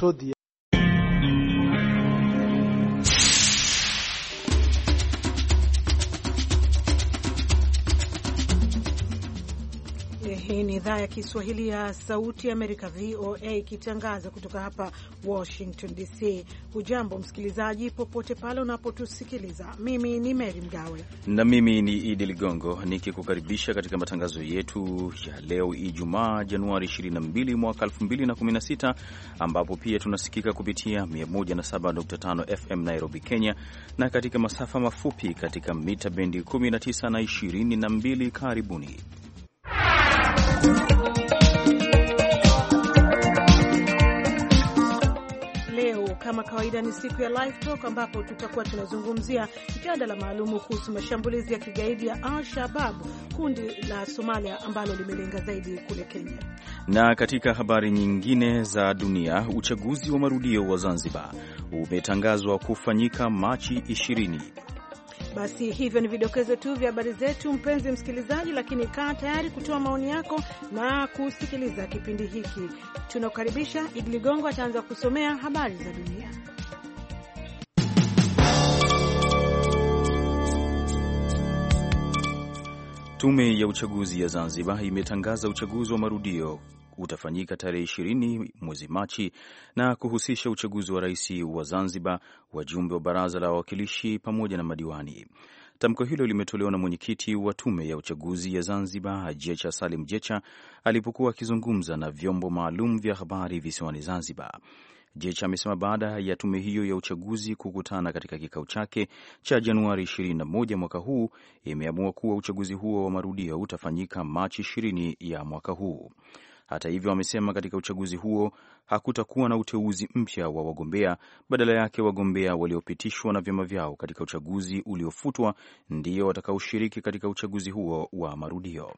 soo diya Hii ni idhaa ya Kiswahili ya Sauti ya Amerika, VOA, ikitangaza kutoka hapa Washington DC. Hujambo msikilizaji, popote pale unapotusikiliza. Mimi ni Meri Mgawe na mimi ni Idi Ligongo nikikukaribisha katika matangazo yetu ya leo Ijumaa, Januari 22 mwaka 2016, ambapo pia tunasikika kupitia 107.5 FM Nairobi, Kenya, na katika masafa mafupi katika mita bendi 19 na 22. Karibuni. Kama kawaida ni siku ya live talk ambapo tutakuwa tunazungumzia mjadala maalumu kuhusu mashambulizi ya kigaidi ya Al-Shabab, kundi la Somalia ambalo limelenga zaidi kule Kenya. Na katika habari nyingine za dunia, uchaguzi wa marudio wa Zanzibar umetangazwa kufanyika Machi 20. Basi hivyo ni vidokezo tu vya habari zetu, mpenzi msikilizaji, lakini kaa tayari kutoa maoni yako na kusikiliza kipindi hiki. Tunakukaribisha. Idi Ligongo ataanza kusomea habari za dunia. Tume ya uchaguzi ya Zanzibar imetangaza uchaguzi wa marudio utafanyika tarehe ishirini mwezi Machi na kuhusisha uchaguzi wa rais wa Zanzibar, wajumbe wa baraza la wawakilishi pamoja na madiwani. Tamko hilo limetolewa na mwenyekiti wa tume ya uchaguzi ya Zanzibar, Jecha Salim Jecha, alipokuwa akizungumza na vyombo maalum vya habari visiwani Zanzibar. Jecha amesema baada ya tume hiyo ya uchaguzi kukutana katika kikao chake cha Januari 21 mwaka huu, imeamua kuwa uchaguzi huo wa marudio utafanyika Machi 20 ya mwaka huu. Hata hivyo, amesema katika uchaguzi huo hakutakuwa na uteuzi mpya wa wagombea, badala yake wagombea waliopitishwa na vyama vyao katika uchaguzi uliofutwa ndio watakaoshiriki katika uchaguzi huo wa marudio.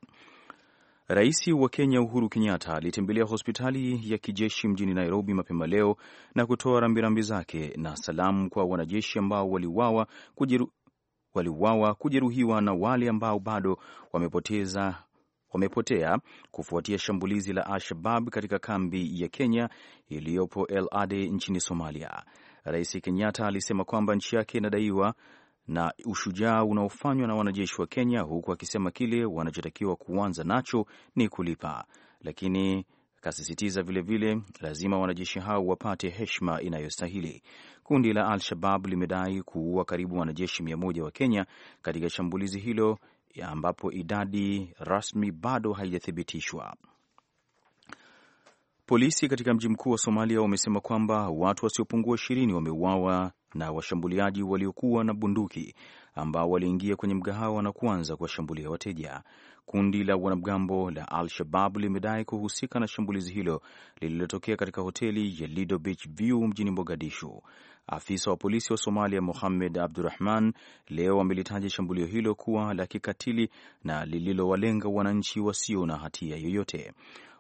Rais wa Kenya Uhuru Kenyatta alitembelea hospitali ya kijeshi mjini Nairobi mapema leo na kutoa rambirambi zake na salamu kwa wanajeshi ambao waliuawa, kujeruhiwa na wale ambao bado wamepoteza wamepotea kufuatia shambulizi la Al-Shabab katika kambi ya Kenya iliyopo El Ade nchini Somalia. Rais Kenyatta alisema kwamba nchi yake inadaiwa na ushujaa unaofanywa na wanajeshi wa Kenya, huku akisema kile wanachotakiwa kuanza nacho ni kulipa, lakini kasisitiza vilevile lazima wanajeshi hao wapate heshima inayostahili. Kundi la Al-Shabab limedai kuua karibu wanajeshi mia moja wa Kenya katika shambulizi hilo ambapo idadi rasmi bado haijathibitishwa. Polisi katika mji mkuu wa Somalia wamesema kwamba watu wasiopungua ishirini wameuawa na washambuliaji waliokuwa na bunduki ambao waliingia kwenye mgahawa na kuanza kuwashambulia wateja. Kundi la wanamgambo la Al Shabab limedai kuhusika na shambulizi hilo lililotokea katika hoteli ya Lido Beach View mjini Mogadishu. Afisa wa polisi wa Somalia muhammed Abdurahman leo amelitaja shambulio hilo kuwa la kikatili na lililowalenga wananchi wasio na hatia yoyote.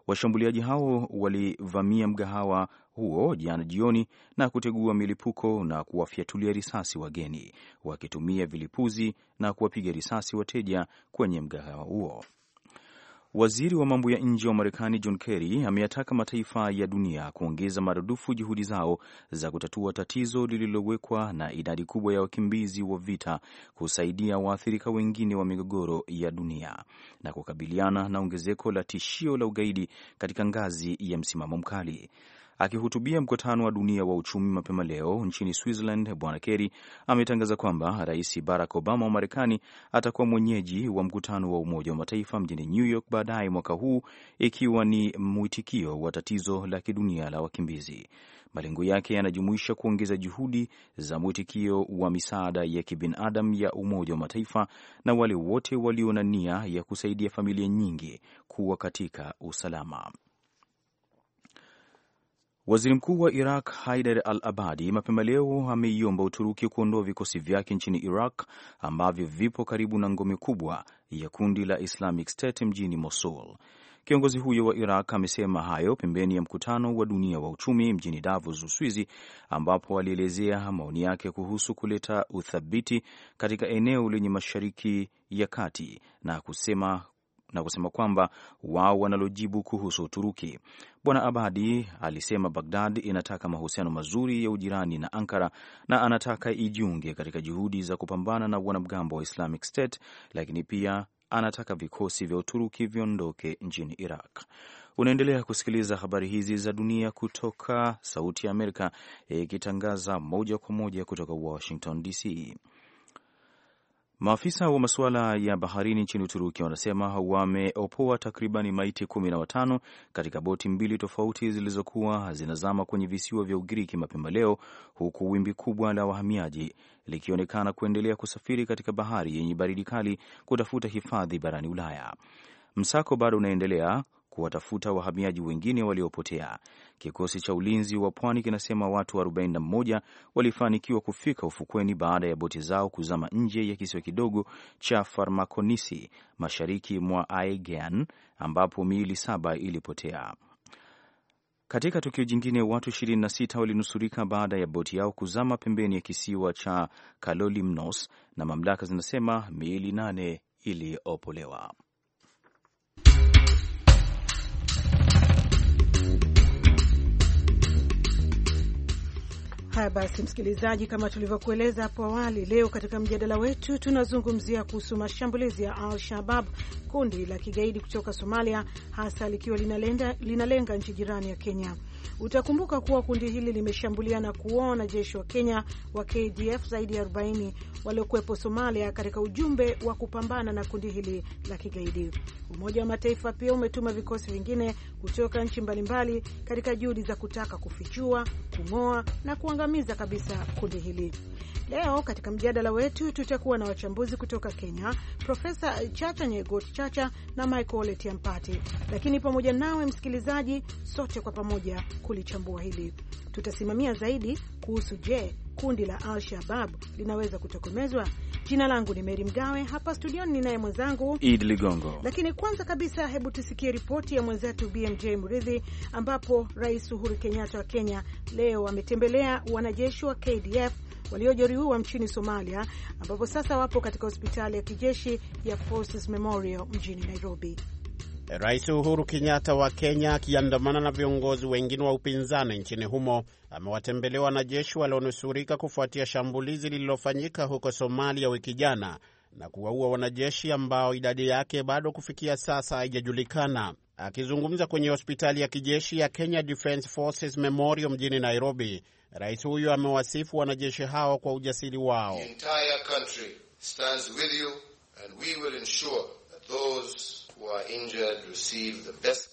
Washambuliaji hao walivamia mgahawa huo jana jioni na kutegua milipuko na kuwafyatulia risasi wageni, wakitumia vilipuzi na kuwapiga risasi wateja kwenye mgahawa huo. Waziri wa mambo ya nje wa Marekani John Kerry ameyataka mataifa ya dunia kuongeza maradufu juhudi zao za kutatua tatizo lililowekwa na idadi kubwa ya wakimbizi wa vita, kusaidia waathirika wengine wa migogoro ya dunia na kukabiliana na ongezeko la tishio la ugaidi katika ngazi ya msimamo mkali. Akihutubia mkutano wa dunia wa uchumi mapema leo nchini Switzerland, Bwana Kerry ametangaza kwamba Rais Barack Obama wa Marekani atakuwa mwenyeji wa mkutano wa Umoja wa Mataifa mjini New York baadaye mwaka huu, ikiwa ni mwitikio wa tatizo la kidunia la wakimbizi. Malengo yake yanajumuisha kuongeza juhudi za mwitikio wa misaada ya kibinadamu ya Umoja wa Mataifa na wale wote walio na nia ya kusaidia familia nyingi kuwa katika usalama. Waziri mkuu wa Iraq Haidar al Abadi mapema leo ameiomba Uturuki kuondoa vikosi vyake nchini Iraq ambavyo vipo karibu na ngome kubwa ya kundi la Islamic State mjini Mosul. Kiongozi huyo wa Iraq amesema hayo pembeni ya mkutano wa dunia wa uchumi mjini Davos, Uswizi, ambapo alielezea maoni yake kuhusu kuleta uthabiti katika eneo lenye Mashariki ya Kati na kusema na kusema kwamba wao wanalojibu kuhusu Uturuki. Bwana Abadi alisema Bagdad inataka mahusiano mazuri ya ujirani na Ankara na anataka ijiunge katika juhudi za kupambana na wanamgambo wa Islamic State, lakini pia anataka vikosi vya Uturuki viondoke nchini Iraq. Unaendelea kusikiliza habari hizi za dunia kutoka Sauti ya Amerika ikitangaza moja kwa moja kutoka Washington DC. Maafisa wa masuala ya baharini nchini Uturuki wanasema wameopoa takribani maiti kumi na watano katika boti mbili tofauti zilizokuwa zinazama kwenye visiwa vya Ugiriki mapema leo, huku wimbi kubwa la wahamiaji likionekana kuendelea kusafiri katika bahari yenye baridi kali kutafuta hifadhi barani Ulaya. Msako bado unaendelea kuwatafuta wahamiaji wengine waliopotea. Kikosi cha ulinzi wa pwani kinasema watu 41 walifanikiwa kufika ufukweni baada ya boti zao kuzama nje ya kisiwa kidogo cha Farmakonisi mashariki mwa Aegean ambapo miili saba ilipotea. Katika tukio jingine, watu 26 walinusurika baada ya boti yao kuzama pembeni ya kisiwa cha Kalolimnos na mamlaka zinasema miili nane iliopolewa. Haya basi, msikilizaji, kama tulivyokueleza hapo awali, leo katika mjadala wetu tunazungumzia kuhusu mashambulizi ya Al-Shabab, kundi la kigaidi kutoka Somalia, hasa likiwa linalenga nchi jirani ya Kenya. Utakumbuka kuwa kundi hili limeshambulia na kuua wanajeshi wa Kenya wa KDF zaidi ya 40 waliokuwepo Somalia katika ujumbe wa kupambana na kundi hili la kigaidi. Umoja wa Mataifa pia umetuma vikosi vingine kutoka nchi mbalimbali katika juhudi za kutaka kufichua, kung'oa na kuangamiza kabisa kundi hili. Leo katika mjadala wetu tutakuwa na wachambuzi kutoka Kenya, Profesa Chacha Nyegot Chacha na Michael Etiampati. Lakini pamoja nawe msikilizaji, sote kwa pamoja kulichambua hili tutasimamia zaidi kuhusu je, kundi la Al Shabab linaweza kutokomezwa? Jina langu ni Meri Mgawe, hapa studioni ninaye mwenzangu Idi Ligongo. Lakini kwanza kabisa, hebu tusikie ripoti ya mwenzetu BMJ Mridhi, ambapo Rais Uhuru Kenyatta wa Kenya leo ametembelea wanajeshi wa KDF waliojeruhiwa nchini Somalia, ambapo sasa wapo katika hospitali ya kijeshi ya Forces Memorial mjini Nairobi. Rais Uhuru Kenyatta wa Kenya akiandamana na viongozi wengine wa upinzani nchini humo amewatembelea wanajeshi walionusurika kufuatia shambulizi lililofanyika huko Somalia wiki jana na kuwaua wanajeshi ambao idadi yake bado kufikia sasa haijajulikana. Akizungumza kwenye hospitali ya kijeshi ya Kenya Defence Forces Memorial mjini Nairobi, Rais huyo amewasifu wanajeshi hao kwa ujasiri wao.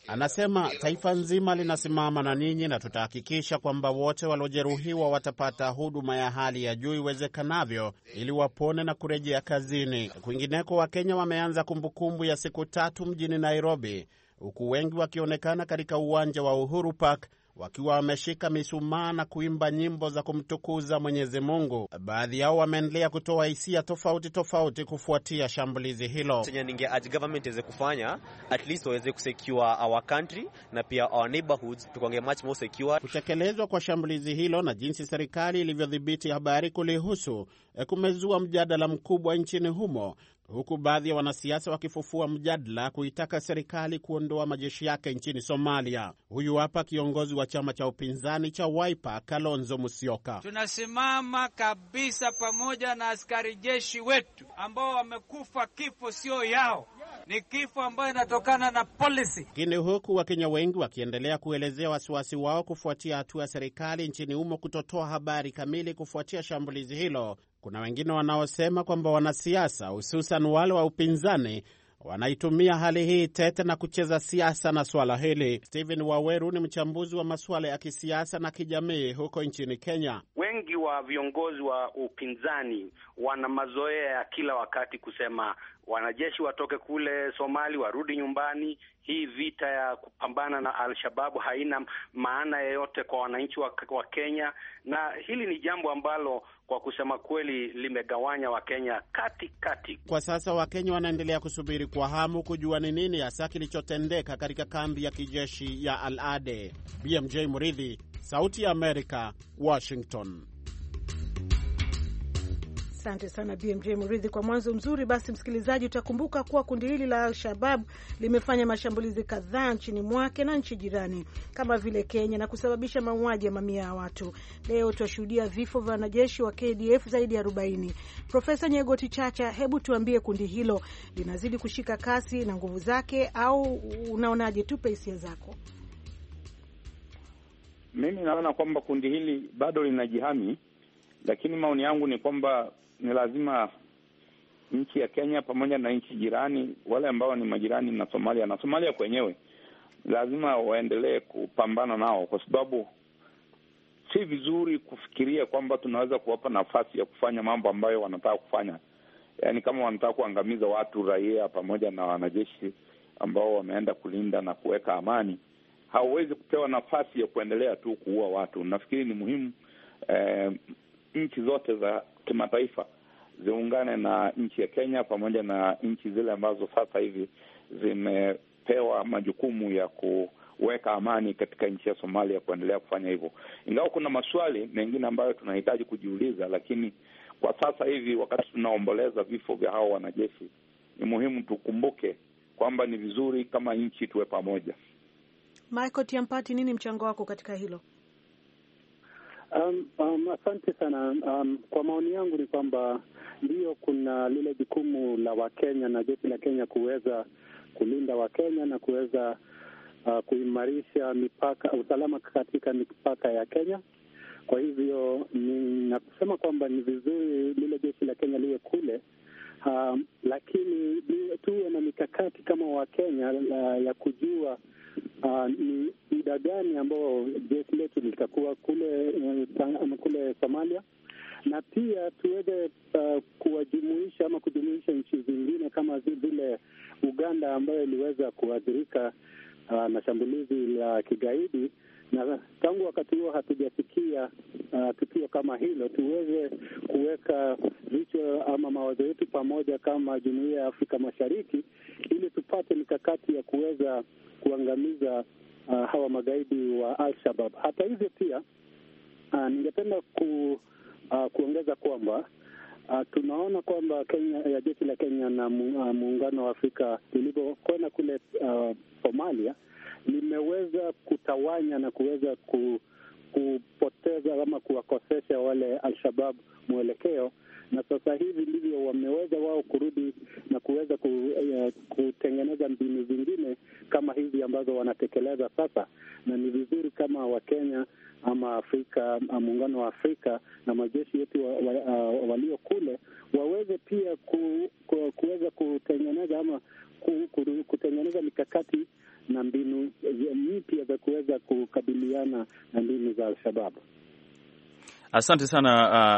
Anasema taifa nzima linasimama na ninyi na tutahakikisha kwamba wote waliojeruhiwa watapata huduma ya hali ya juu iwezekanavyo ili wapone na kurejea kazini. Kwingineko, Wakenya wameanza kumbukumbu ya siku tatu mjini Nairobi, huku wengi wakionekana katika uwanja wa Uhuru Park wakiwa wameshika misumaa na kuimba nyimbo za kumtukuza Mwenyezi Mungu. Baadhi yao wameendelea kutoa hisia tofauti tofauti kufuatia shambulizi hilo. Chenye government iweze kufanya at least waweze kusecure our country na pia our neighborhoods, tukonge much more secure. Kutekelezwa kwa shambulizi hilo na jinsi serikali ilivyodhibiti habari kulihusu eh, kumezua mjadala mkubwa nchini humo huku baadhi ya wanasiasa wakifufua mjadala kuitaka serikali kuondoa majeshi yake nchini Somalia. Huyu hapa kiongozi wa chama cha upinzani cha Wiper, Kalonzo Musyoka. Tunasimama kabisa pamoja na askari jeshi wetu ambao wamekufa kifo sio yao, ni kifo ambayo inatokana na polisi. Lakini huku Wakenya wengi wakiendelea kuelezea wasiwasi wao kufuatia hatua ya serikali nchini humo kutotoa habari kamili kufuatia shambulizi hilo kuna wengine wanaosema kwamba wanasiasa hususan wale wa upinzani wanaitumia hali hii tete na kucheza siasa na swala hili. Stephen Waweru ni mchambuzi wa masuala ya kisiasa na kijamii huko nchini Kenya. Wengi wa viongozi wa upinzani wana mazoea ya kila wakati kusema wanajeshi watoke kule Somali warudi nyumbani. Hii vita ya kupambana na Al-Shababu haina maana yeyote kwa wananchi wa, wa Kenya, na hili ni jambo ambalo kwa kusema kweli limegawanya Wakenya katikati. Kwa sasa Wakenya wanaendelea kusubiri kwa hamu kujua ni nini hasa kilichotendeka katika kambi ya kijeshi ya Al-Ade. BMJ Muridhi, Sauti ya Amerika, Washington. Asante sana BMJ Mridhi kwa mwanzo mzuri. Basi msikilizaji, utakumbuka kuwa kundi hili la Al-Shabab limefanya mashambulizi kadhaa nchini mwake na nchi jirani kama vile Kenya na kusababisha mauaji ya mamia ya watu. Leo tuashuhudia vifo vya wanajeshi wa KDF zaidi ya 40. Profesa Nyegoti Chacha, hebu tuambie, kundi hilo linazidi kushika kasi na nguvu zake au unaonaje? Tupe hisia zako. Mimi naona kwamba kundi hili bado linajihami, lakini maoni yangu ni kwamba ni lazima nchi ya Kenya pamoja na nchi jirani, wale ambao ni majirani na Somalia na Somalia kwenyewe, lazima waendelee kupambana nao, kwa sababu si vizuri kufikiria kwamba tunaweza kuwapa nafasi ya kufanya mambo ambayo wanataka kufanya, yaani kama wanataka kuangamiza watu raia pamoja na wanajeshi ambao wameenda kulinda na kuweka amani, hauwezi kupewa nafasi ya kuendelea tu kuua watu. Nafikiri ni muhimu eh, nchi zote za kimataifa ziungane na nchi ya Kenya pamoja na nchi zile ambazo sasa hivi zimepewa majukumu ya kuweka amani katika nchi ya Somalia kuendelea kufanya hivyo, ingawa kuna maswali mengine ambayo tunahitaji kujiuliza, lakini kwa sasa hivi wakati tunaomboleza vifo vya hawa wanajeshi, ni muhimu tukumbuke kwamba ni vizuri kama nchi tuwe pamoja. Michael Tiampati, nini mchango wako katika hilo? Um, um, asante sana. Um, kwa maoni yangu ni kwamba ndiyo kuna lile jukumu la Wakenya na jeshi la Kenya kuweza kulinda Wakenya na kuweza uh, kuimarisha mipaka, usalama katika mipaka ya Kenya. Kwa hivyo ninakusema kwamba ni vizuri lile jeshi la Kenya liwe kule, um, lakini tuwe na mikakati kama Wakenya uh, ya kujua uh, ni muda gani ambao jeshi letu litakuwa kule, uh, kule Somalia na pia tuweze uh, kuwajumuisha ama kujumuisha nchi zingine kama vile Uganda ambayo iliweza kuathirika uh, na shambulizi la kigaidi na tangu wakati huo hatujafikia uh, tukio kama hilo, tuweze kuweka vichwa ama mawazo yetu pamoja kama jumuiya ya Afrika Mashariki ili tupate mikakati ya kuweza kuangamiza uh, hawa magaidi wa Al-Shabab. Hata hivyo pia uh, ningependa ku, uh, kuongeza kwamba Uh, tunaona kwamba Kenya ya jeshi la Kenya na uh, muungano wa Afrika lilivyokwenda kule uh, Somalia limeweza kutawanya na kuweza ku, kupoteza ama kuwakosesha wale Alshabab mwelekeo, na sasa hivi ndivyo wameweza wao kurudi na kuweza ku, uh, kutengeneza mbinu zingine kama hizi ambazo wanatekeleza sasa, na ni vizuri kama Wakenya ama Afrika, ah, muungano wa Afrika na majeshi yetu wa, wa, uh, walio kule waweze pia ku, ku, kuweza kutengeneza ama kutengeneza mikakati na mbinu eh, mpya za kuweza kukabiliana na mbinu za Alshababu. Asante sana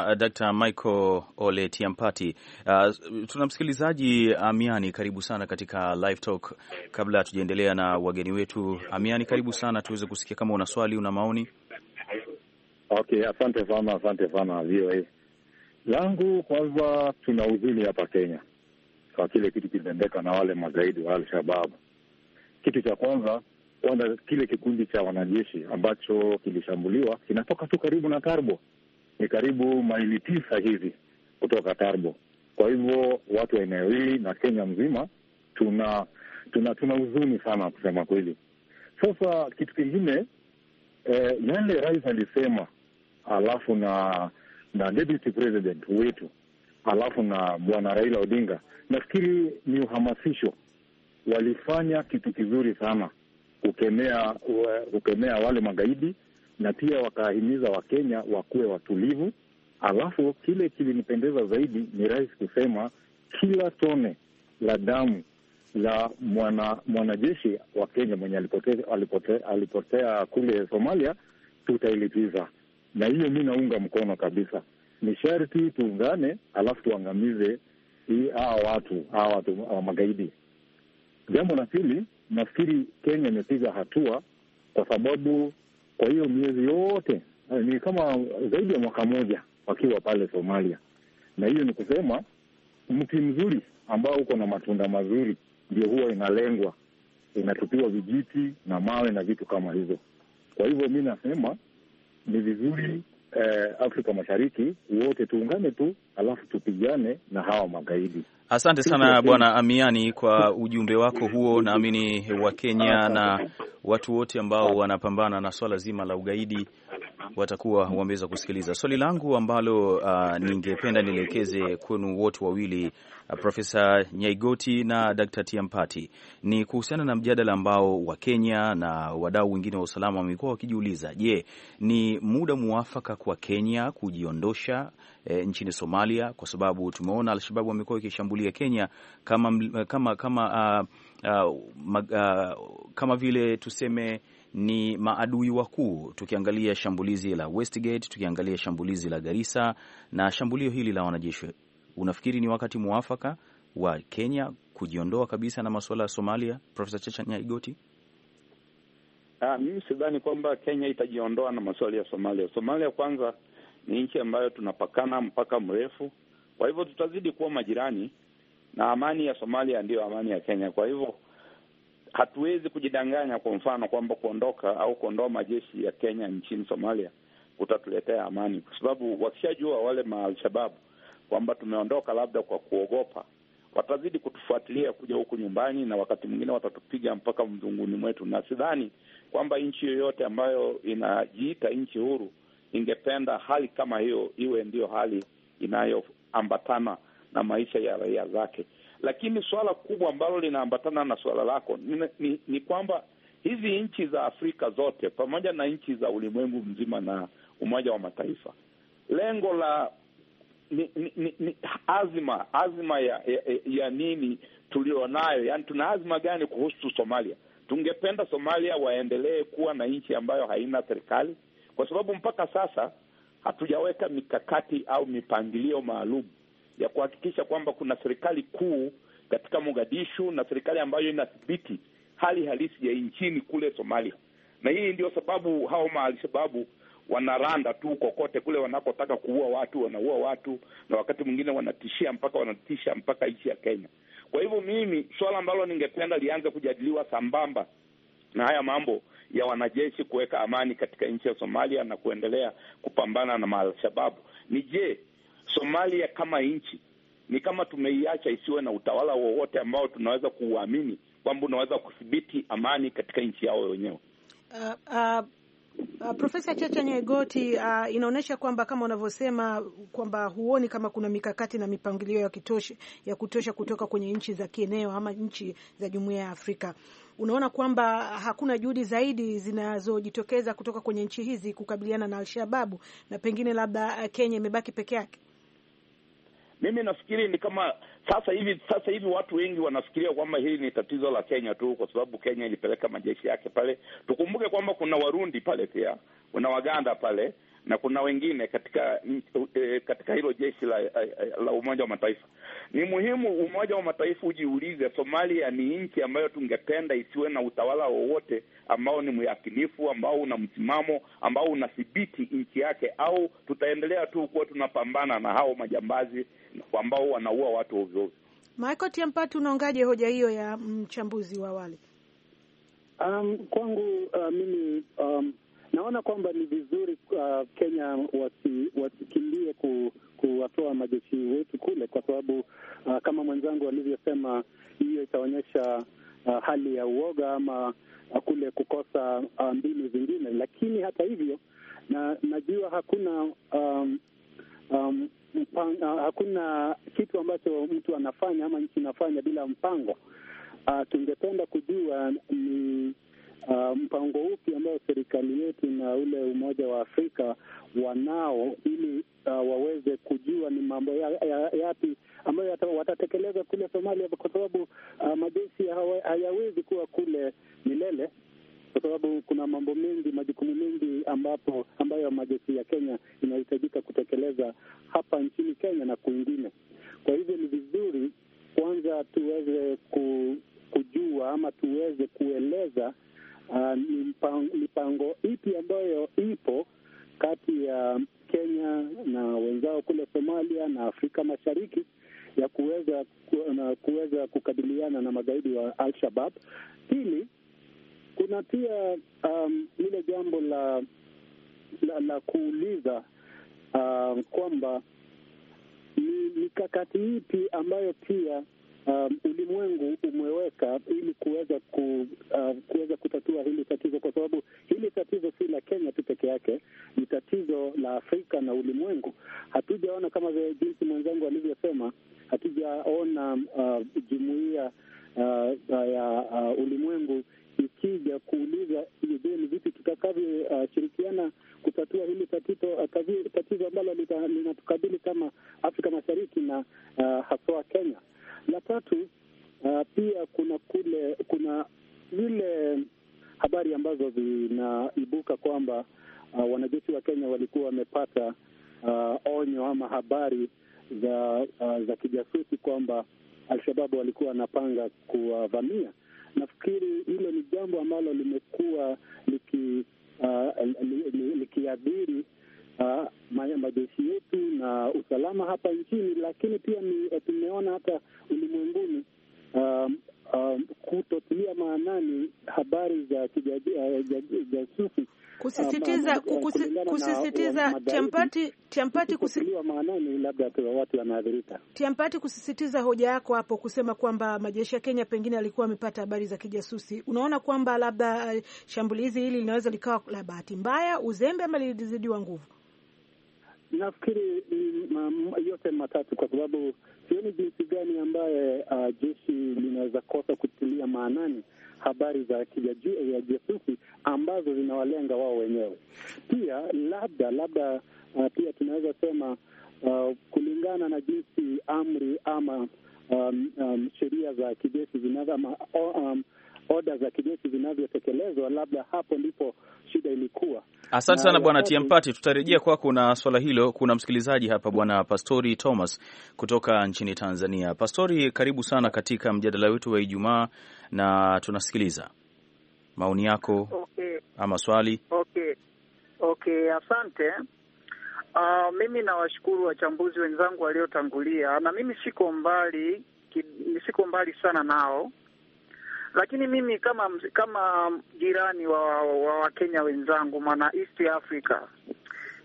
uh, Dr. Michael Ole Tiampati. Uh, tuna msikilizaji Amiani, karibu sana katika live talk. Kabla hatujaendelea na wageni wetu, Amiani, karibu sana tuweze kusikia kama una swali, una maoni. Okay, asante sana, asante sana VOA langu. Kwanza tuna huzuni hapa Kenya kwa kile kitu kilitendeka na wale mazaidi wa al Kitu cha kwanza kwanza, kile kikundi cha wanajeshi ambacho kilishambuliwa kinatoka tu karibu na Tarbo, ni karibu maili tisa hivi kutoka Tarbo. Kwa hivyo watu wa eneo hili na Kenya mzima tuna tuna tuna huzuni sana kusema kweli. Sasa kitu kingine eh, yale rais alisema, alafu na na deputy president wetu alafu na bwana Raila Odinga, nafikiri ni uhamasisho. Walifanya kitu kizuri sana kukemea, kukemea wale magaidi na pia wakahimiza Wakenya wakuwe watulivu. Alafu kile kilinipendeza zaidi ni rais kusema kila tone la damu la mwana mwanajeshi wa Kenya mwenye alipotea, alipotea, alipotea kule Somalia tutailipiza na hiyo mi naunga mkono kabisa ni sharti tuungane, alafu tuangamize hawa watu hawa watu wa magaidi. Jambo la pili, nafikiri Kenya imepiga hatua, kwa sababu kwa hiyo miezi yote eh, ni kama zaidi ya mwaka moja wakiwa pale Somalia, na hiyo ni kusema mti mzuri ambao uko na matunda mazuri ndio huwa inalengwa, inatupiwa vijiti na mawe na vitu kama hizo. Kwa hivyo mi nasema ni vizuri eh, Afrika Mashariki wote tuungane tu, alafu tupigane na hawa magaidi. Asante sana Bwana Amiani kwa ujumbe wako huo. Naamini Wakenya na watu wote ambao wanapambana na swala zima la ugaidi watakuwa wameweza kusikiliza swali langu ambalo uh, ningependa nielekeze kwenu wote wawili uh, Profesa Nyaigoti na Dr. Tiampati ni kuhusiana na mjadala ambao Wakenya na wadau wengine wa usalama wamekuwa wakijiuliza, je, ni muda muwafaka kwa Kenya kujiondosha e, nchini Somalia, kwa sababu tumeona Alshababu wamekuwa ikishambulia Kenya kama kama kama, uh, uh, ma, uh, kama vile tuseme ni maadui wakuu. Tukiangalia shambulizi la Westgate, tukiangalia shambulizi la Garissa na shambulio hili la wanajeshi, unafikiri ni wakati muafaka wa Kenya kujiondoa kabisa na masuala ya Somalia, Profesa Chacha Nyaigoti? Ah, mimi sidhani kwamba Kenya itajiondoa na masuala ya Somalia. Somalia kwanza ni nchi ambayo tunapakana mpaka mrefu, kwa hivyo tutazidi kuwa majirani, na amani ya Somalia ndiyo amani ya Kenya. Kwa hivyo hatuwezi kujidanganya, kwa mfano kwamba kuondoka au kuondoa majeshi ya Kenya nchini Somalia kutatuletea amani, kwa sababu wakishajua wale maalshababu kwamba tumeondoka labda kwa kuogopa, watazidi kutufuatilia kuja huku nyumbani, na wakati mwingine watatupiga mpaka mzunguni mwetu, na sidhani kwamba nchi yoyote ambayo inajiita nchi huru ningependa hali kama hiyo iwe ndiyo hali inayoambatana na maisha ya raia zake. Lakini suala kubwa ambalo linaambatana na suala lako ni, ni, ni kwamba hizi nchi za Afrika zote pamoja na nchi za ulimwengu mzima na Umoja wa Mataifa, lengo la ni, ni, ni azma azima ya, ya, ya nini tulionayo, yani tuna azma gani kuhusu Somalia? Tungependa Somalia waendelee kuwa na nchi ambayo haina serikali kwa sababu mpaka sasa hatujaweka mikakati au mipangilio maalum ya kuhakikisha kwamba kuna serikali kuu katika Mogadishu na serikali ambayo inathibiti hali halisi ya nchini kule Somalia. Na hii ndio sababu hao maalshababu wanaranda tu kokote kule wanakotaka kuua watu, wanaua watu, na wakati mwingine wanatishia mpaka wanatisha mpaka nchi ya Kenya. Kwa hivyo mimi, suala ambalo ningependa lianze kujadiliwa sambamba na haya mambo ya wanajeshi kuweka amani katika nchi ya Somalia na kuendelea kupambana na maalshababu ni je, Somalia kama nchi ni kama tumeiacha isiwe na utawala wowote ambao tunaweza kuuamini kwamba unaweza kudhibiti amani katika nchi yao wenyewe? Uh, uh, uh, Profesa Chacha Nyaigoti, uh, inaonyesha kwamba kama unavyosema kwamba huoni kama kuna mikakati na mipangilio ya kitosha, ya kutosha kutoka kwenye nchi za kieneo ama nchi za Jumuiya ya Afrika unaona kwamba hakuna juhudi zaidi zinazojitokeza kutoka kwenye nchi hizi kukabiliana na Alshababu na pengine labda eh, Kenya imebaki peke yake? Mimi nafikiri ni kama sasa hivi, sasa hivi watu wengi wanafikiria kwamba hili ni tatizo la Kenya tu, kwa sababu Kenya ilipeleka majeshi yake pale. Tukumbuke kwamba kuna Warundi pale pia kuna Waganda pale na kuna wengine katika e, katika hilo jeshi la, eh, la Umoja wa Mataifa. Ni muhimu Umoja wa Mataifa ujiulize, Somalia ni nchi ambayo tungependa isiwe na utawala wowote ambao ni myakinifu, ambao una msimamo, ambao unathibiti nchi yake, au tutaendelea tu kuwa tunapambana na hao majambazi ambao wanaua watu ovyoovyo. Michael Tiampati, unaongaje hoja hiyo ya mchambuzi wa awali? Um, kwangu uh, mimi um naona kwamba ni vizuri uh, Kenya wasi, ku, kuwatoa majeshi wetu kule, kwa sababu uh, kama mwenzangu alivyosema, hiyo itaonyesha uh, hali ya uoga ama uh, kule kukosa uh, mbinu zingine. Lakini hata hivyo na, najua hakuna um, um, mpang, uh, hakuna kitu ambacho mtu anafanya ama nchi inafanya bila mpango. Uh, tungependa kujua ni uh, mpango upi ambao serikali yetu na ule Umoja wa Afrika wanao ili uh, waweze kujua ni mambo yapi ya, ya, ya ambayo watatekeleza kule Somalia, kwa sababu uh, majeshi hayawezi kuwa kule milele kwa sababu kuna mambo mengi, majukumu mengi ambapo ambayo majeshi ya Kenya inahitajika kutekeleza hapa nchini Kenya na kwingine. Kwa hivyo ni vizuri kwanza tuweze ku, kujua ama tuweze kueleza Ah, ni mipango ipi ambayo ipo kati ya Kenya na wenzao kule Somalia na Afrika Mashariki ya kuweza kuweza kukabiliana na magaidi wa Al-Shabab. Pili, kuna pia um, lile jambo la la, la kuuliza uh, kwamba ni mikakati ipi ambayo pia um, ulimwengu umeweka ili kuweza ku, uh, kuweza kutatua hili tatizo, kwa sababu hili tatizo si la Kenya tu peke yake, ni tatizo la Afrika na ulimwengu. Hatujaona kama vile jinsi mwenzangu alivyosema, hatujaona uh, jumuiya uh, uh ya uh, ulimwengu ikija kuuliza je, ni vipi tutakavyoshirikiana uh, kutatua hili tatizo ambalo linatukabili kama Afrika Mashariki na uh, haswa Kenya. La tatu, uh, pia kuna kule kuna zile habari ambazo zinaibuka kwamba uh, wanajeshi wa Kenya walikuwa wamepata uh, onyo ama habari za uh, za kijasusi kwamba Alshababu walikuwa wanapanga kuwavamia. Nafikiri hilo ni jambo ambalo limekuwa likiadhiri uh, li, li, li, uh, majeshi yetu na usalama hapa nchini, lakini pia eh, tumeona hata ulimwenguni um, um, kutotilia maanani habari za kijasusi eh, uh, kusisitiza eh, kusisitiza tiampati tiampati maanani, labda watu wanaathirika. Tiampati kusisitiza hoja yako hapo kusema kwamba majeshi ya Kenya pengine alikuwa amepata habari za kijasusi. Unaona kwamba labda shambulizi hili linaweza likawa la bahati mbaya, uzembe, ama lilizidiwa nguvu? Nafikiri yote matatu, kwa sababu sioni jinsi gani ambaye uh, jeshi linaweza kosa kutilia maanani habari za kijasusi ambazo zinawalenga wao wenyewe. Pia labda labda, uh, pia tunaweza sema uh, kulingana na jinsi amri ama um, um, sheria za kijeshi zinazo oda za kijeshi zinavyotekelezwa labda hapo ndipo shida ilikuwa. Asante sana Bwana Tiampati, tutarejea mm. kwako na swala hilo. Kuna msikilizaji hapa Bwana Pastori Thomas kutoka nchini Tanzania. Pastori, karibu sana katika mjadala wetu wa Ijumaa na tunasikiliza maoni yako. Okay. ama swali. Okay, okay, asante. Uh, mimi nawashukuru wachambuzi wenzangu waliotangulia, na mimi siko mbali, siko mbali sana nao lakini mimi kama kama jirani wa Wakenya wa wenzangu, maana East Africa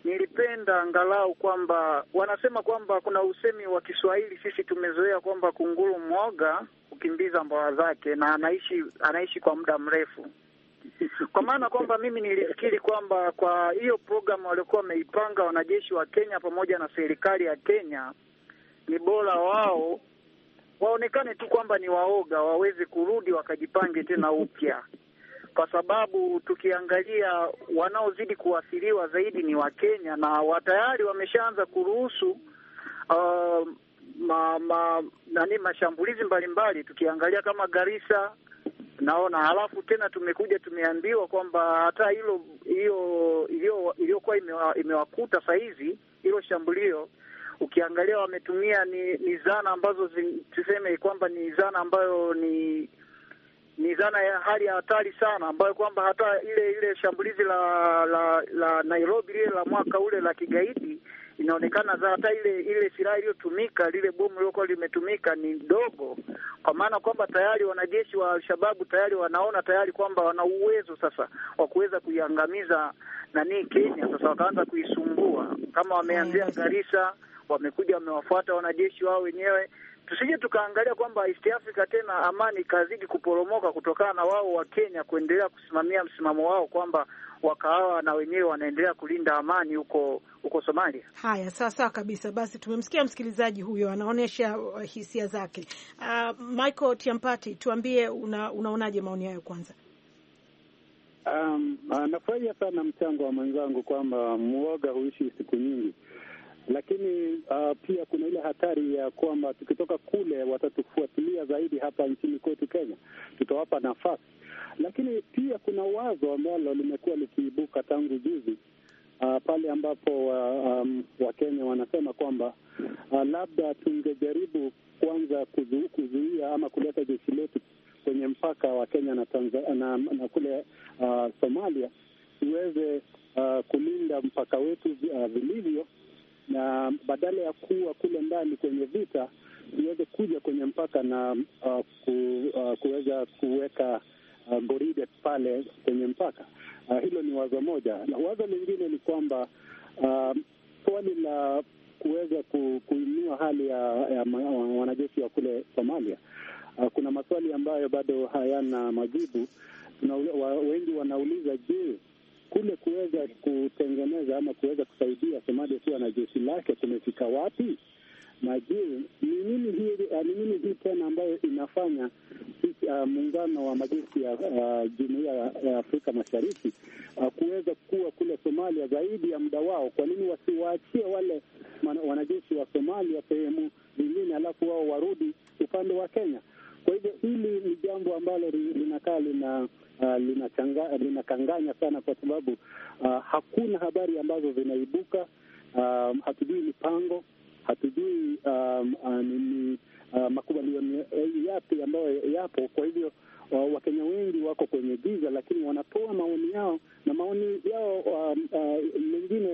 nilipenda angalau kwamba wanasema kwamba kuna usemi wa Kiswahili, sisi tumezoea kwamba kunguru mwoga kukimbiza mbawa zake, na anaishi anaishi kwa muda mrefu kwa maana kwamba mimi nilifikiri kwamba kwa hiyo programu waliokuwa wameipanga wanajeshi wa Kenya pamoja na serikali ya Kenya, ni bora wao waonekane tu kwamba ni waoga, waweze kurudi wakajipange tena upya, kwa sababu tukiangalia wanaozidi kuathiriwa zaidi ni Wakenya na watayari wameshaanza kuruhusu uh, ma, ma, nani mashambulizi mbalimbali, tukiangalia kama Garissa naona halafu tena tumekuja tumeambiwa kwamba hata hilo hiyo iliyokuwa imewakuta sahizi hilo shambulio ukiangalia wametumia ni, ni zana ambazo zi, tuseme kwamba ni zana ambayo ni ni zana ya hali ya hatari sana, ambayo kwamba hata ile ile shambulizi la la, la Nairobi lile la mwaka ule la kigaidi inaonekana za hata ile ile silaha iliyotumika lile bomu lilokuwa limetumika ni dogo, kwa maana kwamba tayari wanajeshi wa Alshababu tayari wanaona tayari kwamba wana uwezo sasa wa kuweza kuiangamiza nani Kenya. Sasa wakaanza kuisumbua kama wameanzia mm. Garissa wamekuja wamewafuata wanajeshi wao wenyewe. Tusije tukaangalia kwamba East Africa tena amani ikazidi kuporomoka kutokana na wao wa Kenya kuendelea kusimamia msimamo wao kwamba wakawa na wenyewe wanaendelea kulinda amani huko huko Somalia. Haya, sawa sawa kabisa. Basi tumemsikia msikilizaji huyo anaonyesha uh, hisia zake. Uh, Michael Tiampati, tuambie una, unaonaje maoni hayo kwanza. Um, uh, nafurahia sana mchango wa mwenzangu kwamba mwoga huishi siku nyingi lakini uh, pia kuna ile hatari ya kwamba tukitoka kule watatufuatilia zaidi hapa nchini kwetu Kenya, tutawapa nafasi. Lakini pia kuna wazo ambalo limekuwa likiibuka tangu juzi uh, pale ambapo uh, um, Wakenya wanasema kwamba uh, labda tungejaribu kwanza kuzu, kuzuia ama kuleta jeshi letu kwenye mpaka wa Kenya na, Tanzania, na, na kule uh, Somalia tuweze uh, kulinda mpaka wetu uh, vilivyo na badala ya kuwa kule ndani kwenye vita iweze kuja kwenye mpaka na uh, ku, uh, kuweza kuweka uh, goride pale kwenye mpaka uh, hilo ni wazo moja, na wazo lingine ni kwamba uh, swali la kuweza kuinua hali ya, ya wanajeshi wa kule Somalia uh, kuna maswali ambayo bado hayana majibu. Wengi wanauliza je, kule kuweza kutengeneza ama kuweza kusaidia Somalia kuwa na jeshi lake kumefika wapi? Na je, ni nini hii hii tena ambayo inafanya uh, muungano wa majeshi ya uh, jumuiya ya Afrika Mashariki uh, kuweza kuwa kule Somalia zaidi ya muda wao? Kwa nini wasiwaachie wale wanajeshi wa Somalia sehemu zingine, alafu wao warudi upande wa Kenya? Kwa hivyo hili ni jambo ambalo linakaa lina uh, linakanganya sana, kwa sababu uh, hakuna habari ambazo zinaibuka. Um, hatujui mipango, hatujui um, uh, ni uh, makubaliano yapi ambayo yapo. Kwa hivyo uh, Wakenya wengi wako kwenye giza, lakini wanatoa maoni yao na maoni yao um, uh, mengine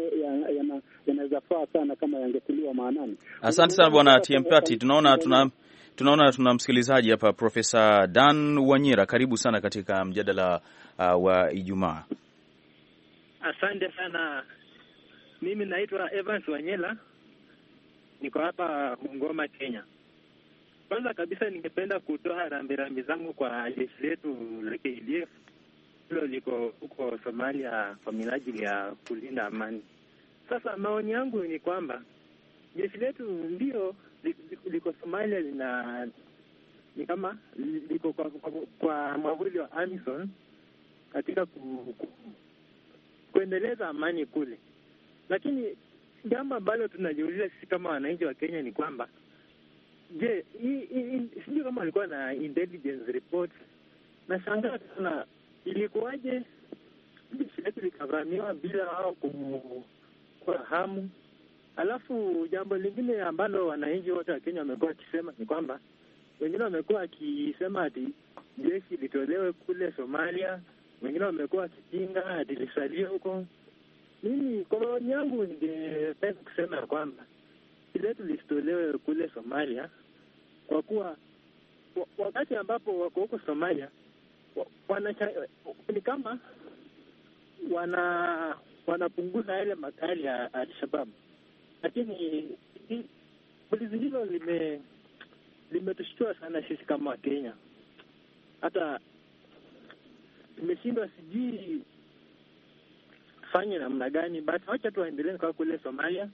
yanaweza ya, ya faa sana kama yangetiliwa maanani. Asante sana Bwana Tiempati, tunaona tuna Tunaona tuna msikilizaji hapa, Profesa Dan Wanyera, karibu sana katika mjadala uh, wa Ijumaa. Asante sana. Mimi naitwa Evans Wanyela, niko hapa Bungoma, Kenya. Kwanza kabisa, ningependa kutoa rambirambi zangu kwa jeshi letu la KDF hilo liko huko Somalia kwa minajili ya kulinda amani. Sasa maoni yangu ni kwamba jeshi letu ndio liko Somalia lina ni kama liko kwa, kwa, kwa mwavuli wa Amison katika ku, ku, kuendeleza amani kule, lakini jambo ambalo tunajiuliza sisi kama wananchi wa Kenya ni kwamba je, sijui kama walikuwa na intelligence report na shangaa sana, ilikuwaje jeshi letu likavamiwa bila wao kufahamu Alafu jambo lingine ambalo wananchi wote wa Kenya wamekuwa wakisema ni kwamba wengine wamekuwa wakisema ati jeshi litolewe kule Somalia, wengine wamekuwa wakipinga ati lisalie huko. Mimi kwa maoni yangu, ningependa kusema ya kwamba letu lisitolewe kule Somalia kwa kuwa wakati ambapo wako huko Somalia wana, ni kama wana wanapunguza yale makali ya Alshababu. Lakini ulizi hilo lime- limetushtua sana sisi kama Wakenya, hata tumeshindwa sijui fanye namna gani, but wacha tu waendelee kaa kule Somalia,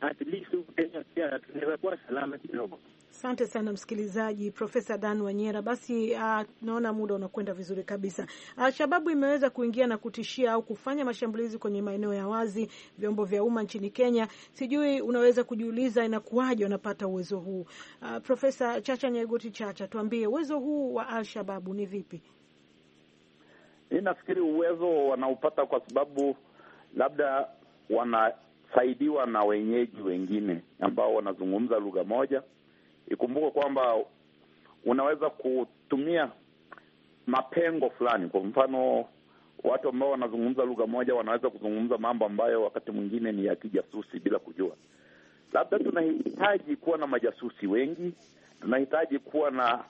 at least huku Kenya pia tunaweza kuwa salama kidogo. Asante sana msikilizaji, Profesa Dan Wanyera. Basi uh, naona muda unakwenda vizuri kabisa. Uh, shababu imeweza kuingia na kutishia au kufanya mashambulizi kwenye maeneo ya wazi, vyombo vya umma nchini Kenya. Sijui unaweza kujiuliza inakuwaje wanapata uwezo huu? Uh, Profesa Chacha Nyegoti Chacha, tuambie uwezo huu wa Alshababu ni vipi? Mi nafikiri uwezo wanaupata kwa sababu labda wanasaidiwa na wenyeji wengine ambao wanazungumza lugha moja Ikumbuke kwamba unaweza kutumia mapengo fulani. Kwa mfano, watu ambao wanazungumza lugha moja wanaweza kuzungumza mambo ambayo wakati mwingine ni ya kijasusi bila kujua. Labda tunahitaji kuwa na majasusi wengi, tunahitaji kuwa na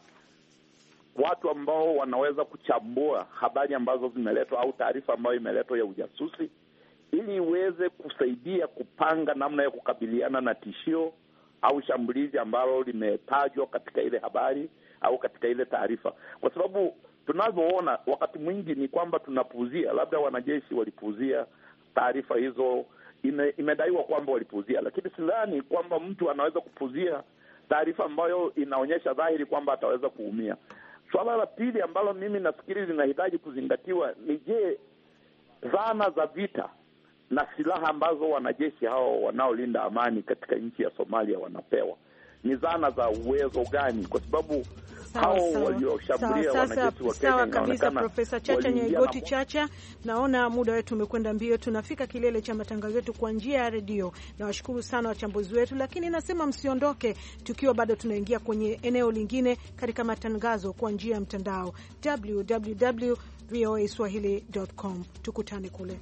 watu ambao wanaweza kuchambua habari ambazo zimeletwa au taarifa ambayo imeletwa ya ujasusi, ili iweze kusaidia kupanga namna ya kukabiliana na tishio au shambulizi ambalo limetajwa katika ile habari au katika ile taarifa, kwa sababu tunavyoona wakati mwingi ni kwamba tunapuuzia, labda wanajeshi walipuuzia taarifa hizo. Ime, imedaiwa kwamba walipuuzia, lakini sidhani kwamba mtu anaweza kupuuzia taarifa ambayo inaonyesha dhahiri kwamba ataweza kuumia. Swala la pili ambalo mimi nafikiri linahitaji kuzingatiwa ni je, dhana za vita na silaha ambazo wanajeshi hao wanaolinda amani katika nchi ya Somalia wanapewa ni zana za uwezo gani? Kwa sababu hao walioshambulia kabisa. Profesa Chacha Nyaigoti Chacha, naona muda wetu umekwenda mbio, tunafika kilele cha matangazo yetu kwa njia ya redio. Nawashukuru sana wachambuzi wetu, lakini nasema msiondoke, tukiwa bado tunaingia kwenye eneo lingine katika matangazo kwa njia ya mtandao www voa swahili.com. Tukutane kule.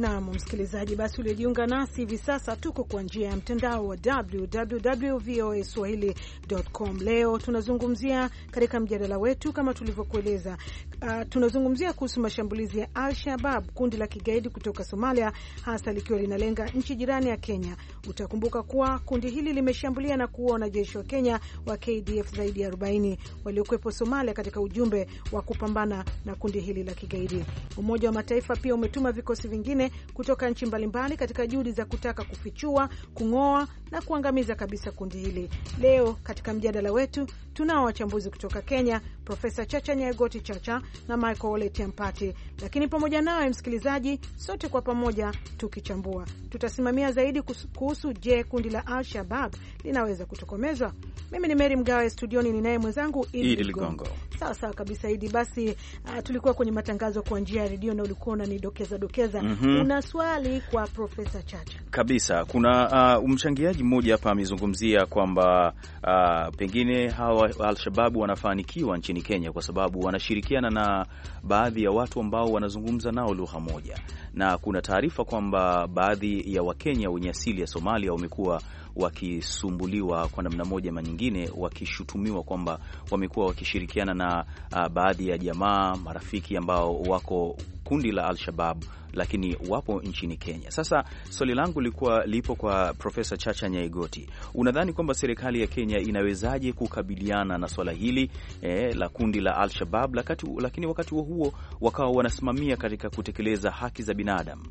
Naam msikilizaji, basi uliojiunga nasi hivi sasa, tuko kwa njia ya mtandao wa www voa swahili.com. Leo tunazungumzia katika mjadala wetu kama tulivyokueleza, uh, tunazungumzia kuhusu mashambulizi ya Al Shabab, kundi la kigaidi kutoka Somalia, hasa likiwa linalenga nchi jirani ya Kenya. Utakumbuka kuwa kundi hili limeshambulia na kuua wanajeshi wa Kenya wa KDF zaidi ya 40 waliokuwepo Somalia katika ujumbe wa kupambana na kundi hili la kigaidi. Umoja wa Mataifa pia umetuma vikosi vingine kutoka nchi mbalimbali katika juhudi za kutaka kufichua, kung'oa na kuangamiza kabisa kundi hili. Leo katika mjadala wetu tunao wachambuzi kutoka Kenya, Profesa Chacha Nyaigoti Chacha na Michael Oleti Mpati, lakini pamoja nawe msikilizaji, sote kwa pamoja tukichambua, tutasimamia zaidi kuhusu je, kundi la Al Shabab linaweza kutokomezwa? Mimi ni Meri Mgawe, studioni ninaye mwenzangu Idi Ligongo. Sawa sawa kabisa, Idi. Basi uh, tulikuwa kwenye matangazo kwa njia ya redio na ulikuwa unanidokeza dokeza mm -hmm. Mm-hmm. kuna swali kwa Profesa Chacha kabisa. Kuna uh, mchangiaji mmoja hapa amezungumzia kwamba uh, pengine hawa Alshababu wanafanikiwa nchini Kenya kwa sababu wanashirikiana na baadhi ya watu ambao wanazungumza nao lugha moja, na kuna taarifa kwamba baadhi ya Wakenya wenye asili ya Somalia wamekuwa wakisumbuliwa kwa namna moja ama nyingine, wakishutumiwa kwamba wamekuwa wakishirikiana na uh, baadhi ya jamaa marafiki ambao wako kundi la Alshabab lakini wapo nchini Kenya. Sasa swali langu likuwa lipo kwa Profesa Chacha Nyaigoti, unadhani kwamba serikali ya Kenya inawezaje kukabiliana na swala hili eh, la kundi la Al-Shabab, lakini wakati huo huo wakawa wanasimamia katika kutekeleza haki za binadamu?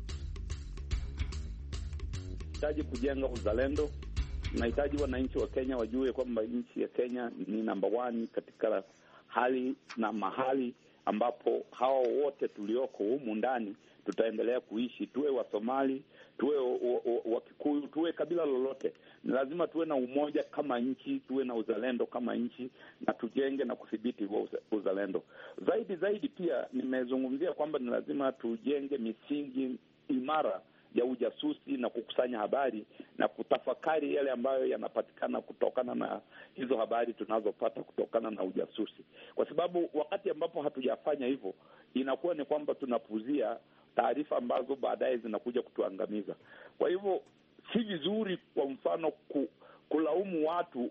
Nahitaji kujenga uzalendo, nahitaji wananchi wa Kenya wajue kwamba nchi ya Kenya ni namba wani katika hali na mahali ambapo hawa wote tulioko humu ndani tutaendelea kuishi, tuwe Wasomali, tuwe Wakikuyu, tuwe kabila lolote, ni lazima tuwe na umoja kama nchi, tuwe na uzalendo kama nchi, na tujenge na kudhibiti huo uzalendo. Zaidi zaidi, pia nimezungumzia kwamba ni lazima tujenge misingi imara ya ujasusi na kukusanya habari na kutafakari yale ambayo yanapatikana kutokana na hizo habari tunazopata kutokana na ujasusi, kwa sababu wakati ambapo hatujafanya hivyo, inakuwa ni kwamba tunapuzia taarifa ambazo baadaye zinakuja kutuangamiza. Kwa hivyo si vizuri, kwa mfano ku, kulaumu watu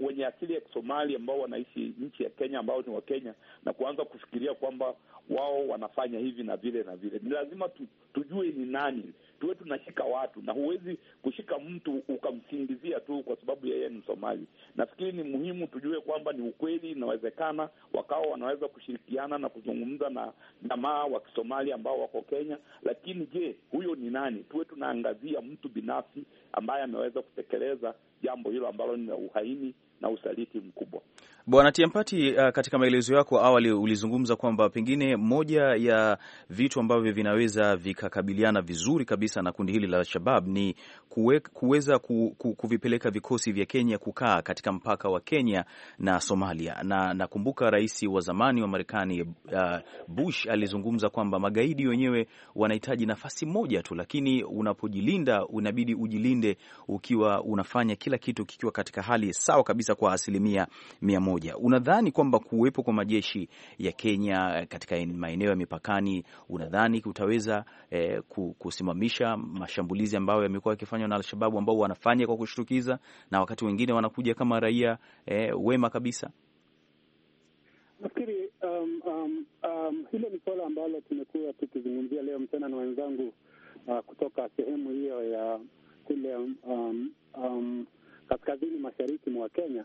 wenye akili ya Kisomali ambao wanaishi nchi ya Kenya ambao ni Wakenya na kuanza kufikiria kwamba wao wanafanya hivi na vile na vile. Ni lazima tu, tujue ni nani, tuwe tunashika watu, na huwezi kushika mtu ukamsingizia tu kwa sababu yeye ni Somali. Nafikiri ni muhimu tujue kwamba ni ukweli, inawezekana wakawa wanaweza kushirikiana na kuzungumza na jamaa wa Kisomali ambao wako Kenya, lakini je, huyo ni nani? Tuwe tunaangazia mtu binafsi ambaye ameweza kutekeleza jambo hilo ambalo ni uhaini na usaliti mkubwa. Bwana Tiampati, uh, katika maelezo yako awali ulizungumza kwamba pengine moja ya vitu ambavyo vinaweza vikakabiliana vizuri kabisa na kundi hili la shabab ni kuwe, kuweza ku, ku, kuvipeleka vikosi vya Kenya kukaa katika mpaka wa Kenya na Somalia, na nakumbuka rais wa zamani wa Marekani uh, Bush alizungumza kwamba magaidi wenyewe wanahitaji nafasi moja tu, lakini unapojilinda unabidi ujilinde ukiwa unafanya kila kitu kikiwa katika hali sawa kabisa kabisa kwa asilimia mia moja. Unadhani kwamba kuwepo kwa majeshi ya Kenya eh, katika maeneo ya mipakani, unadhani utaweza eh, kusimamisha mashambulizi ambayo yamekuwa yakifanywa na Alshababu ambao wanafanya kwa kushtukiza na wakati wengine wanakuja kama raia eh, wema kabisa? Nafikiri um, um, um, hilo ni suala ambalo tumekuwa tukizungumzia leo mchana na wenzangu uh, kutoka sehemu hiyo ya kule um, um, kaskazini mashariki mwa Kenya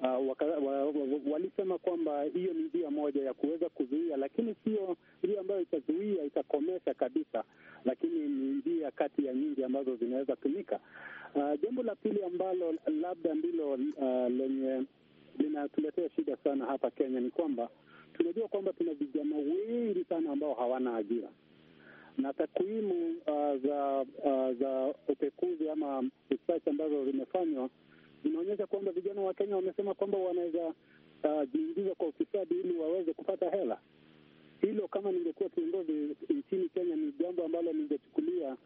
uh, waka, wa, wa, wa, walisema kwamba hiyo ni njia moja ya kuweza kuzuia, lakini sio njia ambayo itazuia itakomesha kabisa, lakini ni njia kati ya nyingi ambazo zinaweza tumika. Uh, jambo la pili ambalo labda ndilo uh, lenye linatuletea shida sana hapa Kenya ni kwamba tunajua kwamba tuna vijana wengi sana ambao hawana ajira na takwimu uh, za uh, za upekuzi ama research ambazo zimefanywa zinaonyesha kwamba vijana wa Kenya wamesema kwamba wanaweza uh, jiingiza kwa ufisadi ili waweze kupata hela. Hilo kama ningekuwa kiongozi nchini Kenya ni jambo ambalo ningechukulia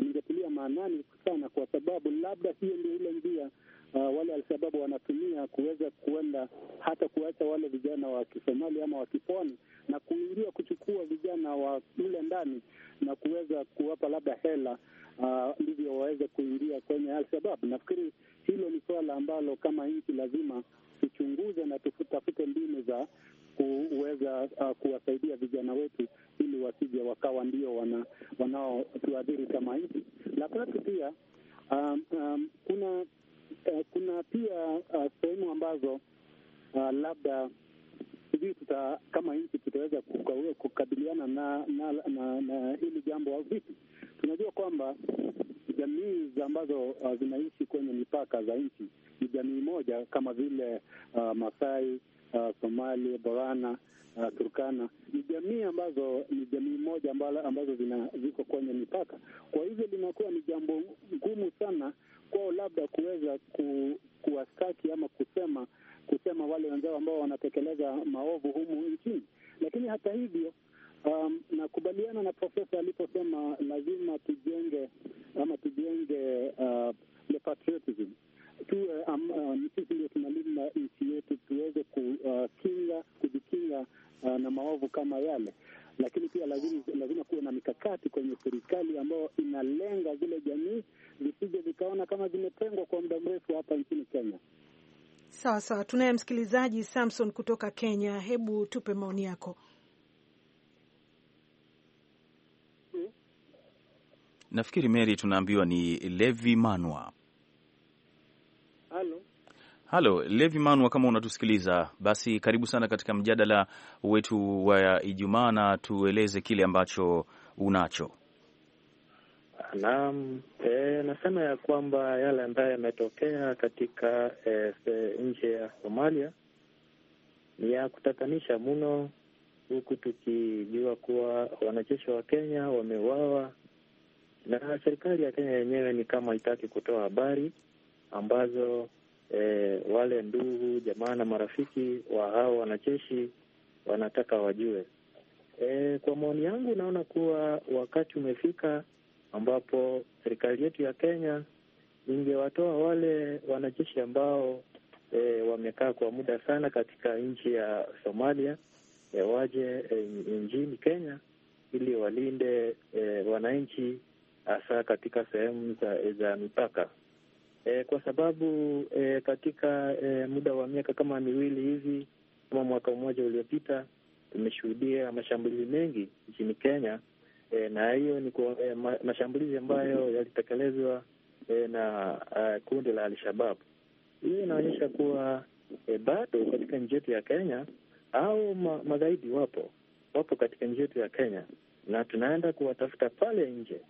angetilia maanani sana, kwa sababu labda hiyo ndio ile njia uh, wale Alshababu wanatumia kuweza kuenda hata kuacha wale vijana wa Kisomali ama wa kipwani na kuingia kuchukua vijana wa mle ndani na kuweza kuwapa labda hela uh, ndivyo uh, waweze kuingia kwenye Alshababu. Nafikiri hilo ni suala ambalo kama nchi lazima tuchunguze na tutafute mbinu za kuweza uh, kuwasaidia vijana wetu ili wasije wakawa ndio wana, wanaotuadhiri kama nchi. La tatu pia um, um, kuna uh, kuna pia uh, sehemu ambazo uh, labda sijui tuta kama nchi tutaweza kukabiliana na, na, na, na hili jambo au vipi? Tunajua kwamba jamii ambazo uh, zinaishi kwenye mipaka za nchi sana Sawa sawa, tunaye msikilizaji Samson kutoka Kenya. Hebu tupe maoni yako. Nafikiri Mary, tunaambiwa ni Levi Manua. Halo. Halo Levi Manua, kama unatusikiliza basi, karibu sana katika mjadala wetu wa Ijumaa na tueleze kile ambacho unacho. Naam, e, nasema ya kwamba yale ambayo yametokea katika e, nje ya Somalia ni ya kutatanisha mno, huku tukijua kuwa wanajeshi wa Kenya wameuawa na serikali ya Kenya yenyewe ni kama haitaki kutoa habari ambazo e, wale ndugu jamaa na marafiki wa hao wanajeshi wanataka wajue. E, kwa maoni yangu naona kuwa wakati umefika ambapo serikali yetu ya Kenya ingewatoa wale wanajeshi ambao e, wamekaa kwa muda sana katika nchi ya Somalia e, waje eh, nchini Kenya ili walinde e, wananchi hasa katika sehemu za, za mipaka e, kwa sababu e, katika e, muda wa miaka kama miwili hivi kama mwaka mmoja uliopita tumeshuhudia mashambulizi mengi nchini Kenya e, na hiyo ni kwa e, ma, mashambulizi ambayo yalitekelezwa e, na uh, kundi la Alshabab. Hiyo inaonyesha kuwa e, bado katika nchi yetu ya Kenya au ma, magaidi wapo wapo katika nchi yetu ya Kenya na tunaenda kuwatafuta pale nje.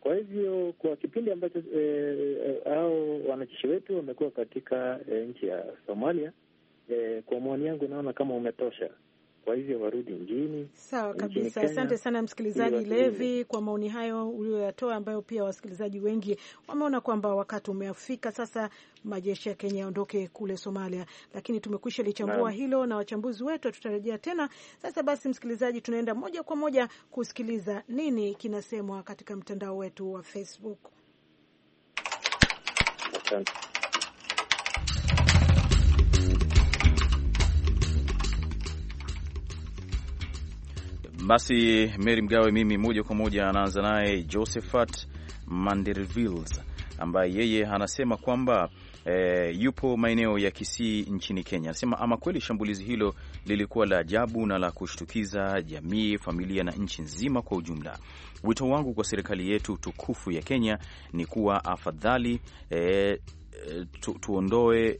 Kwa hivyo kwa kipindi ambacho e, e, au wanajeshi wetu wamekuwa katika e, nchi ya Somalia e, kwa maoni yangu naona kama umetosha kwa hivyo warudi mjini. Sawa kabisa, asante sana msikilizaji Levi kwa maoni hayo uliyoyatoa, ambayo pia wasikilizaji wengi wameona kwamba wakati umeafika sasa majeshi ya Kenya yaondoke kule Somalia, lakini tumekwisha lichambua hilo na wachambuzi wetu, tutarejea tena. Sasa basi, msikilizaji, tunaenda moja kwa moja kusikiliza nini kinasemwa katika mtandao wetu wa Facebook. Asante. Basi Mary Mgawe, mimi moja kwa moja anaanza naye Josephat Mandervilles ambaye yeye anasema kwamba e, yupo maeneo ya Kisii nchini Kenya. Anasema ama kweli shambulizi hilo lilikuwa la ajabu na la kushtukiza jamii, familia na nchi nzima kwa ujumla. Wito wangu kwa serikali yetu tukufu ya Kenya ni kuwa afadhali e, tu, tuondoe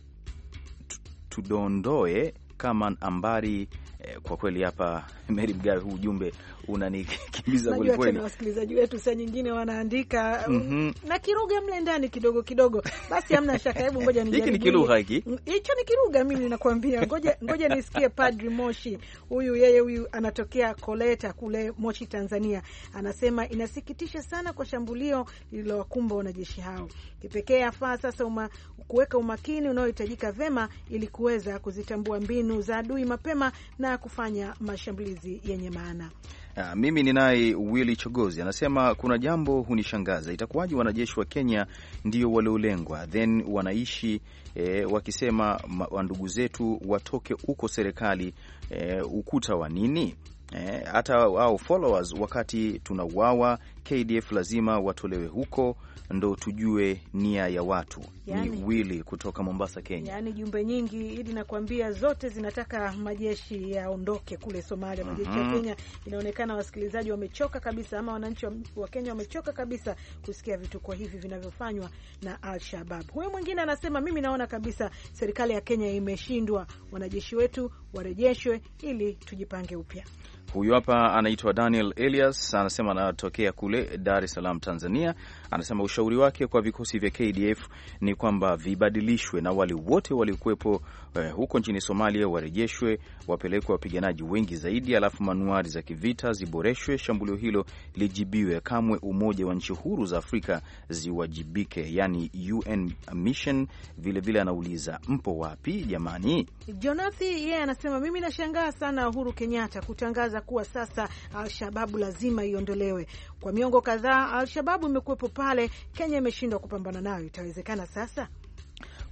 tu, tudondoe kama ambari Eh, kwa kweli hapa Meri Mgawe, huu ujumbe unanikimbiza kweli kweli. Wasikilizaji wetu saa nyingine wanaandika mm -hmm. na kiruga mle ndani kidogo kidogo, basi hamna shaka. Hebu ngoja nijaribu, hiki ni kiruga, hiki mm, hicho ni kiruga, mimi nakwambia. Ngoja ngoja nisikie Padri Moshi huyu, yeye huyu anatokea Koleta kule Moshi, Tanzania, anasema inasikitisha sana kwa shambulio lililowakumba wanajeshi hao. Kipekee afaa sasa uma, kuweka umakini unaohitajika vema ili kuweza kuzitambua mbinu za adui mapema na kufanya mashambulizi yenye maana. Uh, mimi ninaye Willy Chogozi anasema kuna jambo hunishangaza, itakuwaje wanajeshi wa Kenya ndio waliolengwa, then wanaishi e, wakisema ndugu zetu watoke huko serikali e, ukuta wa nini? Eh, hata au followers wakati tunauawa KDF lazima watolewe huko, ndo tujue nia ya watu. Yani, ni yaani- wili kutoka Mombasa, Kenya. Yani jumbe nyingi ili nakwambia zote zinataka majeshi yaondoke kule Somalia, majeshi mm -hmm. ya mhm. Kenya. Inaonekana wasikilizaji wamechoka kabisa, ama wananchi wa Kenya wamechoka kabisa kusikia vituko hivi vinavyofanywa na Al Shabab. Huyu mwingine anasema mimi naona kabisa serikali ya Kenya imeshindwa, wanajeshi wetu warejeshwe ili tujipange upya. Huyu hapa anaitwa Daniel Elias anasema anatokea kule kule Dar es Salaam, Tanzania, Anasema ushauri wake kwa vikosi vya KDF ni kwamba vibadilishwe na wale wote waliokuwepo eh, huko nchini Somalia warejeshwe, wapelekwe wapiganaji wengi zaidi, alafu manuari za kivita ziboreshwe, shambulio hilo lijibiwe. Kamwe umoja wa nchi huru za Afrika ziwajibike, yani UN mission. Vilevile anauliza mpo wapi jamani? Jonathi yeye yeah, anasema mimi nashangaa sana Uhuru Kenyatta kutangaza kuwa sasa Alshababu lazima iondolewe. Kwa miongo kadhaa Alshababu imekuwepo pale Kenya imeshindwa kupambana nayo, itawezekana sasa?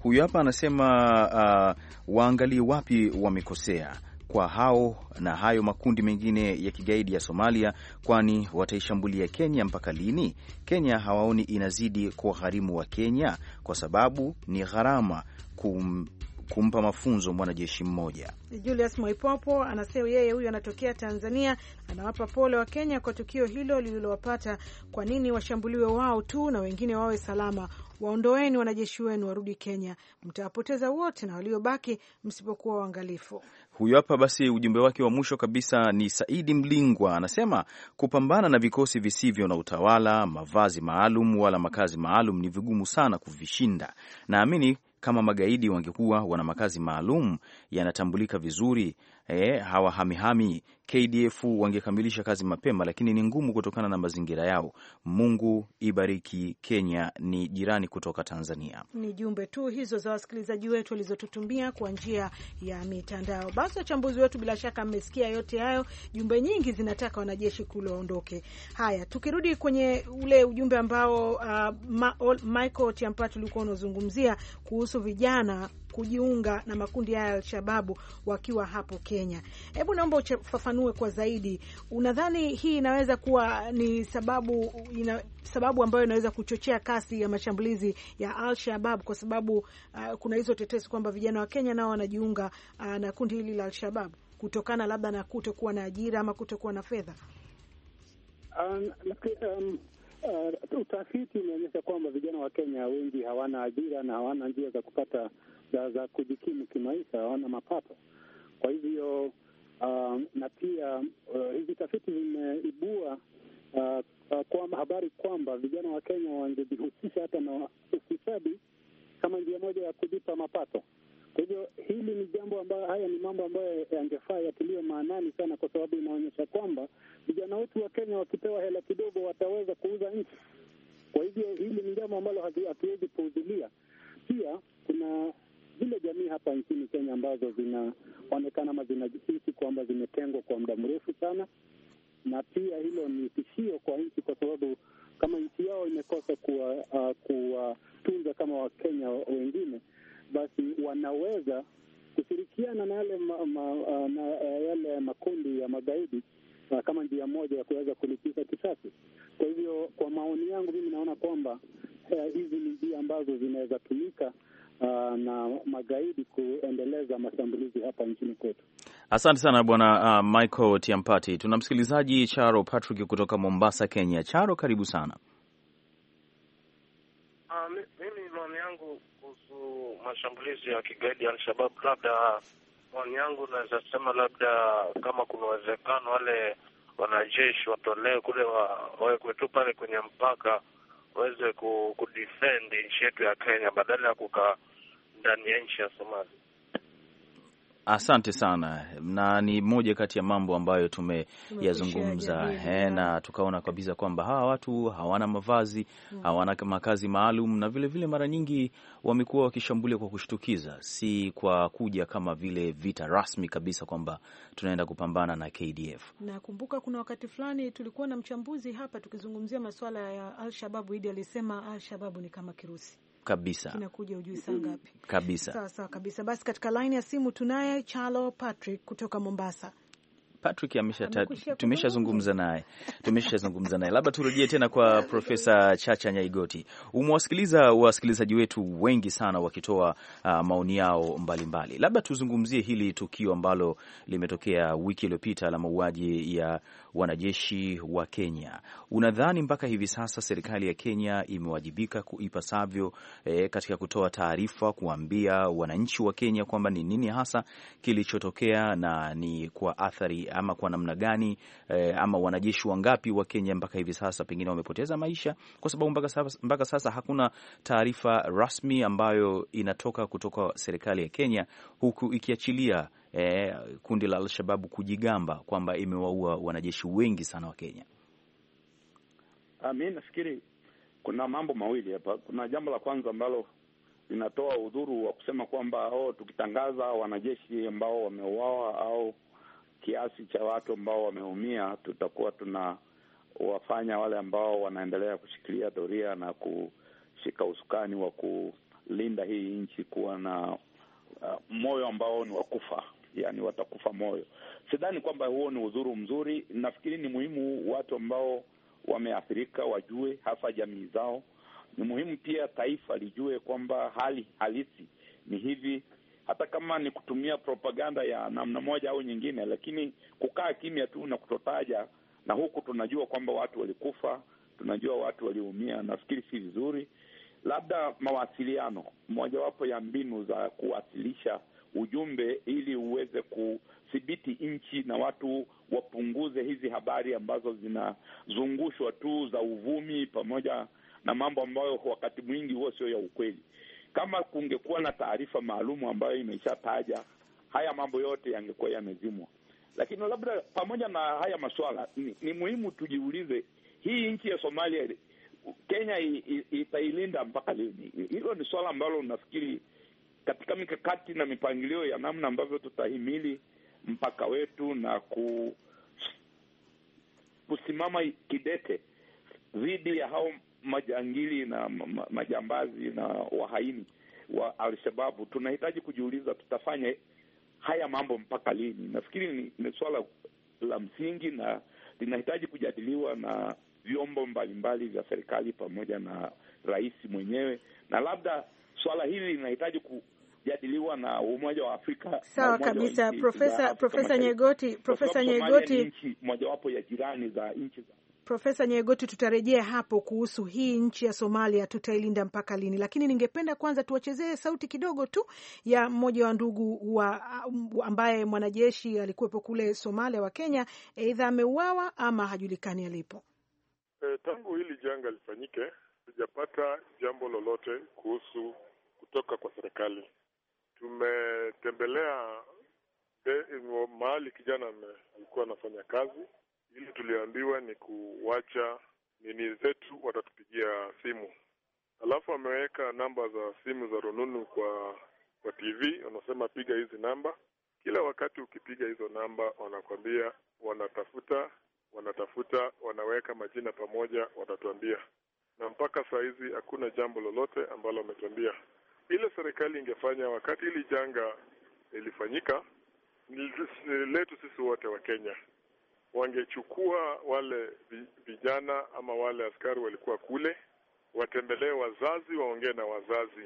Huyu hapa anasema uh, waangalie wapi wamekosea kwa hao na hayo makundi mengine ya kigaidi ya Somalia, kwani wataishambulia Kenya mpaka lini? Kenya hawaoni inazidi kuwagharimu wa Kenya, kwa sababu ni gharama kum kumpa mafunzo mwanajeshi mmoja. Julius Mwaipopo anasema yeye huyu anatokea Tanzania, anawapa pole wa Kenya kwa tukio hilo lililowapata. Kwa nini washambuliwe wao tu na wengine wawe salama? Waondoeni wanajeshi wenu warudi Kenya, mtawapoteza wote na waliobaki msipokuwa waangalifu. huyu hapa basi, ujumbe wake wa mwisho kabisa ni Saidi Mlingwa, anasema kupambana na vikosi visivyo na utawala, mavazi maalum wala makazi maalum ni vigumu sana kuvishinda. Naamini kama magaidi wangekuwa wana makazi maalum yanatambulika vizuri, e, hawahamihami KDF wangekamilisha kazi mapema, lakini ni ngumu kutokana na mazingira yao. Mungu ibariki Kenya, ni jirani kutoka Tanzania. Ni jumbe tu hizo za wasikilizaji wetu walizotutumia kwa njia ya mitandao. Basi wachambuzi wetu, bila shaka mmesikia yote hayo, jumbe nyingi zinataka wanajeshi kule waondoke. Haya, tukirudi kwenye ule ujumbe ambao uh, ma, Michael Tiampati ulikuwa unazungumzia kuhusu vijana kujiunga na makundi haya ya Alshababu wakiwa hapo Kenya, hebu naomba ufafanue wanunue kwa zaidi. Unadhani hii inaweza kuwa ni sababu ina, sababu ambayo inaweza kuchochea kasi ya mashambulizi ya Al Shabab kwa sababu uh, kuna hizo tetesi kwamba vijana wa Kenya nao wanajiunga uh, na kundi hili la alshabab kutokana labda na kutokuwa na ajira ama kutokuwa na fedha. um, um uh, utafiti umeonyesha kwamba vijana wa Kenya wengi hawana ajira na hawana njia za kupata za, za kujikimu kimaisha, hawana mapato. Kwa hivyo uh, na pia uh, hizi tafiti zimeibua uh, uh, kwamba habari kwamba vijana wa Kenya wangejihusisha hata na ufisadi kama njia moja ya kujipa mapato. Kwa hivyo hili ni jambo ambayo, haya ni mambo ambayo yangefaa yatiliwe maanani sana, kwa sababu inaonyesha kwamba vijana wetu wa Kenya wakipewa hela kidogo wataweza kuuza nchi. Kwa hivyo hili ni jambo ambalo hatuwezi puuzilia. Pia kuna zile jamii hapa nchini Kenya ambazo zinaonekana ama zinajihisi kwamba zimetengwa kwa muda mrefu sana, na pia hilo ni tishio kwa nchi, kwa sababu kama nchi yao imekosa uh, kuwatunza uh, kama Wakenya wengine, basi wanaweza kushirikiana na yale ma, ma, uh, na uh, yale makundi ya magaidi uh, kama njia moja ya kuweza kulipiza kisasi. Kwa hivyo, kwa maoni yangu mimi naona kwamba hizi ni njia ambazo zinaweza tumika uh, na magaidi kuendeleza mashambulizi hapa nchini kwetu. Asante sana bwana uh, Michael Tiampati. Tuna msikilizaji Charo Patrick kutoka Mombasa, Kenya. Charo, karibu sana. Uh, mimi maoni yangu kuhusu mashambulizi ya kigaidi ya Alshababu, labda maoni yangu naweza sema labda kama kuna uwezekano wale wanajeshi watolee kule wawekwe tu pale kwenye mpaka waweze kudefend nchi yetu ya Kenya badala ya kukaa ndani ya nchi ya Somalia. Asante sana, na ni moja kati ya mambo ambayo tumeyazungumza eh, na tukaona kabisa kwamba hawa watu hawana mavazi mm, hawana makazi maalum, na vilevile vile mara nyingi wamekuwa wakishambulia kwa kushtukiza, si kwa kuja kama vile vita rasmi kabisa kwamba tunaenda kupambana na KDF. Nakumbuka kuna wakati fulani tulikuwa na mchambuzi hapa tukizungumzia masuala ya Alshababu, Idi alisema Alshababu ni kama kirusi kabisa, inakuja ujui saa ngapi kabisa. Sawa sawa kabisa. Basi katika laini ya simu tunaye charlo Patrick kutoka Mombasa. Patrick tumeshazungumza naye, tumeshazungumza naye. Labda turejee tena kwa Profesa Chacha Nyaigoti. Umewasikiliza wasikilizaji wetu wengi sana wakitoa uh, maoni yao mbalimbali. Labda tuzungumzie hili tukio ambalo limetokea wiki iliyopita la mauaji ya wanajeshi wa Kenya. Unadhani mpaka hivi sasa serikali ya Kenya imewajibika ipasavyo eh, katika kutoa taarifa kuambia wananchi wa Kenya kwamba ni nini hasa kilichotokea na ni kwa athari ama kwa namna gani eh, ama wanajeshi wangapi wa Kenya mpaka hivi sasa pengine wamepoteza maisha, kwa sababu mpaka sasa, mpaka sasa hakuna taarifa rasmi ambayo inatoka kutoka serikali ya Kenya huku ikiachilia eh, kundi la alshababu kujigamba kwamba imewaua wanajeshi wengi sana wa Kenya. Ah, mi nafikiri kuna mambo mawili hapa. Kuna jambo la kwanza ambalo linatoa udhuru wa kusema kwamba oh, tukitangaza wanajeshi ambao wameuawa au kiasi cha watu ambao wameumia, tutakuwa tuna wafanya wale ambao wanaendelea kushikilia doria na kushika usukani wa kulinda hii nchi kuwa na uh, moyo ambao ni wakufa, yani watakufa moyo. Sidhani kwamba huo ni udhuru mzuri. Nafikiri ni muhimu watu ambao wameathirika wajue, hasa jamii zao. Ni muhimu pia taifa lijue kwamba hali halisi ni hivi hata kama ni kutumia propaganda ya namna moja au nyingine, lakini kukaa kimya tu na kutotaja, na huku tunajua kwamba watu walikufa, tunajua watu waliumia, nafikiri si vizuri. Labda mawasiliano, mojawapo ya mbinu za kuwasilisha ujumbe ili uweze kudhibiti nchi na watu wapunguze hizi habari ambazo zinazungushwa tu za uvumi pamoja na mambo ambayo wakati mwingi huo sio ya ukweli. Kama kungekuwa na taarifa maalum ambayo imeshataja haya mambo yote yangekuwa yamezimwa. Lakini labda pamoja na haya maswala ni, ni muhimu tujiulize hii nchi ya Somalia, Kenya itailinda mpaka lini? Hilo ni swala ambalo nafikiri katika mikakati na mipangilio ya namna ambavyo tutahimili mpaka wetu na ku, kusimama kidete dhidi ya hao majangili na majambazi na wahaini wa Alshababu. Tunahitaji kujiuliza tutafanya haya mambo mpaka lini? Nafikiri ni, ni suala la msingi na linahitaji kujadiliwa na vyombo mbalimbali vya serikali pamoja na rais mwenyewe, na labda suala hili linahitaji ku jadiliwa na Umoja wa Afrika. Sawa kabisa, Profesa Nyegoti. Profesa Nyegoti, mojawapo ya jirani za nchi za Profesa Nyegoti, tutarejea hapo kuhusu hii nchi ya Somalia tutailinda mpaka lini, lakini ningependa kwanza tuwachezee sauti kidogo tu ya mmoja wa ndugu wa uh, ambaye mwanajeshi alikuwepo kule Somalia wa Kenya, aidha ameuawa ama hajulikani alipo. E, tangu hili janga lifanyike sijapata jambo lolote kuhusu kutoka kwa serikali. Tumetembelea eh, mahali kijana alikuwa anafanya kazi ile tulioambiwa ni kuwacha nini zetu, watatupigia simu. Alafu ameweka namba za simu za rununu kwa kwa TV, wanasema piga hizi namba. Kila wakati ukipiga hizo namba, wanakwambia wanatafuta, wanatafuta, wanaweka majina pamoja, watatuambia. Na mpaka saa hizi hakuna jambo lolote ambalo wametuambia. Ile serikali ingefanya wakati hili janga lilifanyika, letu sisi wote wa Kenya wangechukua wale vijana ama wale askari walikuwa kule, watembelee wazazi, waongee na wazazi,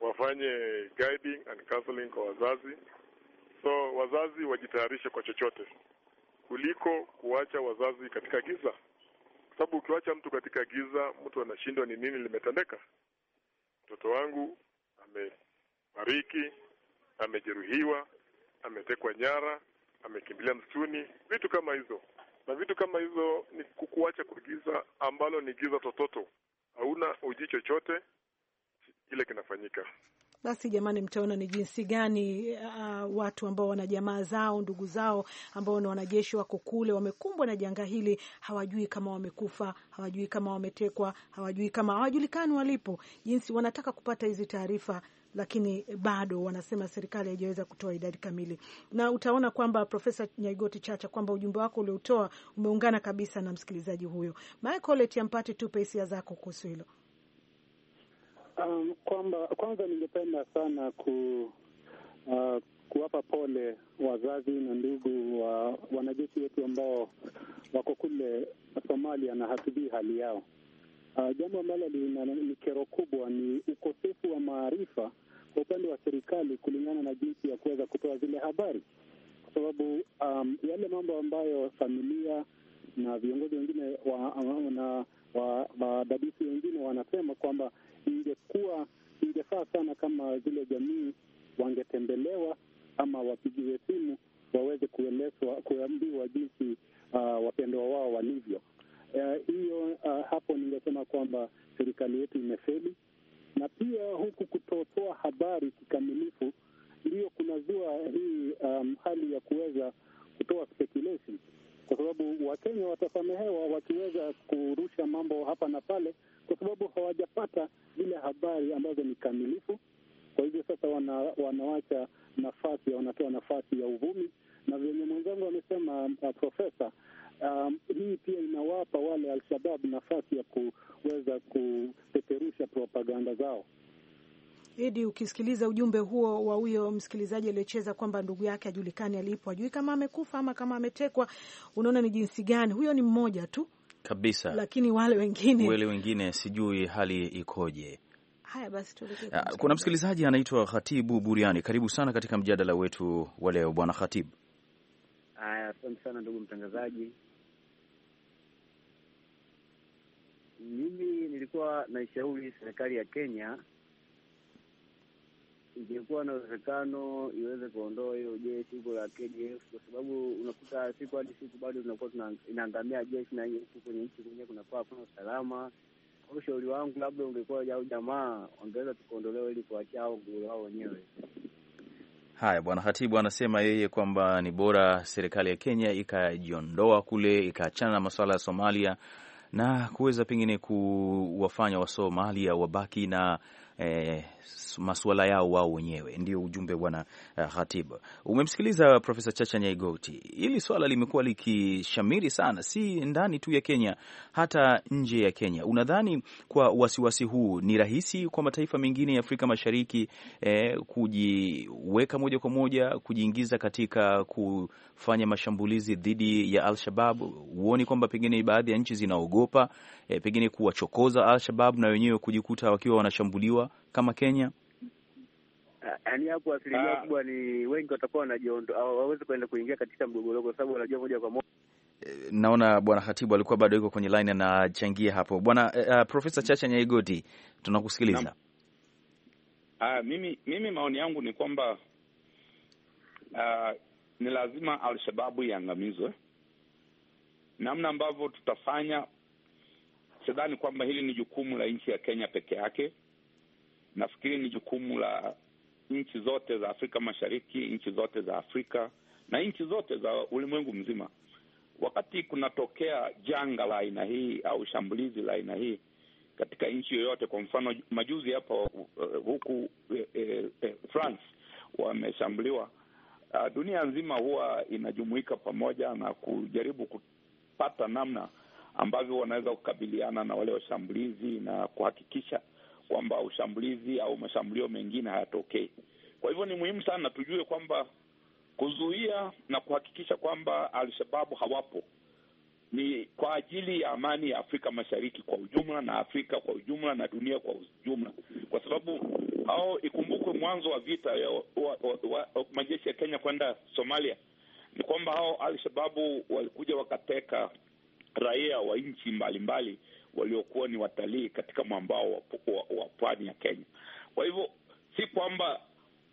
wafanye guiding and counseling kwa wazazi, so wazazi wajitayarishe kwa chochote kuliko kuwacha wazazi katika giza, kwa sababu ukiwacha mtu katika giza, mtu anashindwa ni nini limetendeka. Mtoto wangu amefariki, amejeruhiwa, ametekwa nyara amekimbilia msituni, vitu kama hizo. Na vitu kama hizo ni kukuacha kwa giza ambalo ni giza tototo, hauna uji chochote kile kinafanyika. Basi jamani, mtaona ni jinsi gani uh, watu ambao wana jamaa zao ndugu zao ambao ni wanajeshi wako kule wamekumbwa na janga hili, hawajui kama wamekufa, hawajui kama wametekwa, hawajui kama hawajulikani walipo, jinsi wanataka kupata hizi taarifa lakini bado wanasema serikali haijaweza kutoa idadi kamili, na utaona kwamba Profesa Nyaigoti Chacha kwamba ujumbe wako uliotoa umeungana kabisa na msikilizaji huyo. Michael Etiampati, tupe hisia zako kuhusu hilo. Um, kwamba kwanza ningependa sana ku uh, kuwapa pole wazazi na ndugu wa wanajeshi wetu ambao wako kule Somalia na hatubii hali yao. Uh, jambo ambalo ni kero kubwa ni ukosefu wa maarifa kwa upande wa serikali kulingana na jinsi ya kuweza kutoa zile habari, kwa sababu um, yale mambo ambayo familia na viongozi wengine wa, na wadadisi wa, wengine wanasema kwamba ingekuwa ingefaa sana kama zile jamii wangetembelewa ama wapigiwe simu waweze kuelezwa, kuambiwa jinsi uh, wapendwa wao walivyo serikali yetu imefeli ujumbe huo wa huyo msikilizaji aliocheza kwamba ndugu yake ajulikani alipo, ajui kama amekufa ama kama ametekwa. Unaona ni jinsi gani, huyo ni mmoja tu kabisa, lakini wale wengine, wale wengine sijui hali ikoje. Haya basi, ah, kuna msikilizaji anaitwa Khatibu Buriani, karibu sana katika mjadala wetu wa leo, bwana Khatibu. Haya, asante sana ndugu mtangazaji. Mimi nilikuwa naishauri serikali ya Kenya ingekuwa na uwezekano iweze kuondoa hiyo jeshi huko la KDF, kwa sababu unakuta siku hadi siku bado tunakuwa inaangamia jeshi na huku kwenye nchi kwenyewe kunakuwa hakuna usalama. Kwa ushauri wangu, labda ungekuwa au jamaa wangeweza tukuondolewa ili kuachia au nguru wao wenyewe. Haya, Bwana Hatibu anasema yeye kwamba ni bora serikali ya Kenya ikajiondoa kule ikaachana na masuala ya Somalia na kuweza pengine kuwafanya Wasomalia wabaki na eh, masuala yao wao wenyewe. Ndio ujumbe bwana uh, Umemsikiliza Profesa Chacha Nyaigoti. Hili swala limekuwa likishamiri sana, si ndani tu ya Kenya, hata nje ya Kenya. Unadhani kwa wasiwasi huu ni rahisi kwa mataifa mengine ya Afrika Mashariki eh, kujiweka moja kwa moja kujiingiza katika kufanya mashambulizi dhidi ya alshabab Huoni kwamba pengine baadhi ya nchi zinaogopa eh, pengine kuwachokoza Alshabab na wenyewe kujikuta wakiwa wanashambuliwa kama Kenya? Ah, yaani hapo asilimia ah. kubwa ni wengi watakuwa wanajiondoa, hawawezi kuenda kuingia katika mgogoro kwa sababu wanajua moja kwa moja. Eh, naona bwana Hatibu alikuwa bado yuko kwenye line anachangia hapo. Bwana uh, eh, eh, Profesa Chacha Nyaigoti, tunakusikiliza. Uh, mimi mimi maoni yangu ni kwamba uh, ni lazima Alshababu iangamizwe. Namna ambavyo tutafanya, sidhani kwamba hili ni jukumu la nchi ya Kenya peke yake. Nafikiri ni jukumu la nchi zote za Afrika Mashariki, nchi zote za Afrika na nchi zote za ulimwengu mzima. Wakati kunatokea janga la aina hii au shambulizi la aina hii katika nchi yoyote, kwa mfano majuzi hapo uh, huku uh, uh, uh, France wameshambuliwa. Uh, dunia nzima huwa inajumuika pamoja na kujaribu kupata namna ambavyo wanaweza kukabiliana na wale washambulizi na kuhakikisha kwamba ushambulizi au mashambulio mengine hayatokei. Kwa hivyo ni muhimu sana tujue kwamba kuzuia na kuhakikisha kwamba Alshababu hawapo ni kwa ajili ya amani ya Afrika Mashariki kwa ujumla na Afrika kwa ujumla na dunia kwa ujumla, kwa sababu au ikumbukwe mwanzo wa vita ya majeshi ya Kenya kwenda Somalia ni kwamba hao Alshababu walikuja wakateka raia wa nchi mbalimbali waliokuwa ni watalii katika mwambao wa, wa, wa pwani ya Kenya. Kwa hivyo si kwamba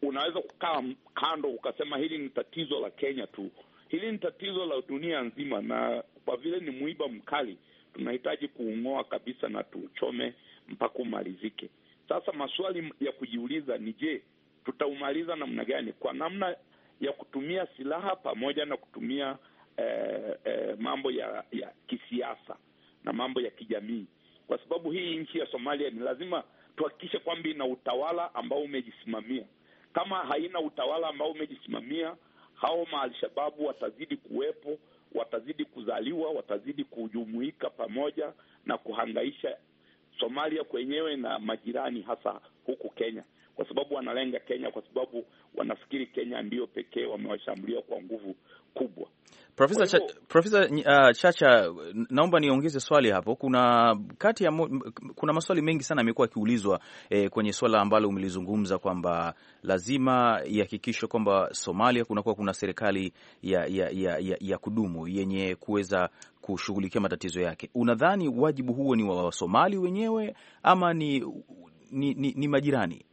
unaweza kukaa kando ukasema hili ni tatizo la Kenya tu, hili ni tatizo la dunia nzima, na kwa vile ni mwiba mkali, tunahitaji kuung'oa kabisa na tuuchome mpaka umalizike. Sasa maswali ya kujiuliza ni je, tutaumaliza namna gani? Kwa namna ya kutumia silaha pamoja na kutumia eh, eh, mambo ya, ya kisiasa na mambo ya kijamii, kwa sababu hii nchi ya Somalia ni lazima tuhakikishe kwamba ina utawala ambao umejisimamia. Kama haina utawala ambao umejisimamia, hao maalshababu watazidi kuwepo, watazidi kuzaliwa, watazidi kujumuika pamoja na kuhangaisha Somalia kwenyewe na majirani, hasa huku Kenya kwa sababu wanalenga Kenya, kwa sababu wanafikiri Kenya ndiyo pekee wamewashambulia kwa nguvu kubwa. Profesa Cha, Profesa uh, Chacha, naomba niongeze swali hapo. Kuna kati ya kuna maswali mengi sana yamekuwa yakiulizwa eh, kwenye swala ambalo umelizungumza kwamba lazima ihakikishwe kwamba Somalia kunakuwa kuna serikali ya, ya, ya, ya, ya kudumu yenye kuweza kushughulikia matatizo yake. Unadhani wajibu huo ni wa Wasomali wenyewe ama ni, ni, ni, ni majirani?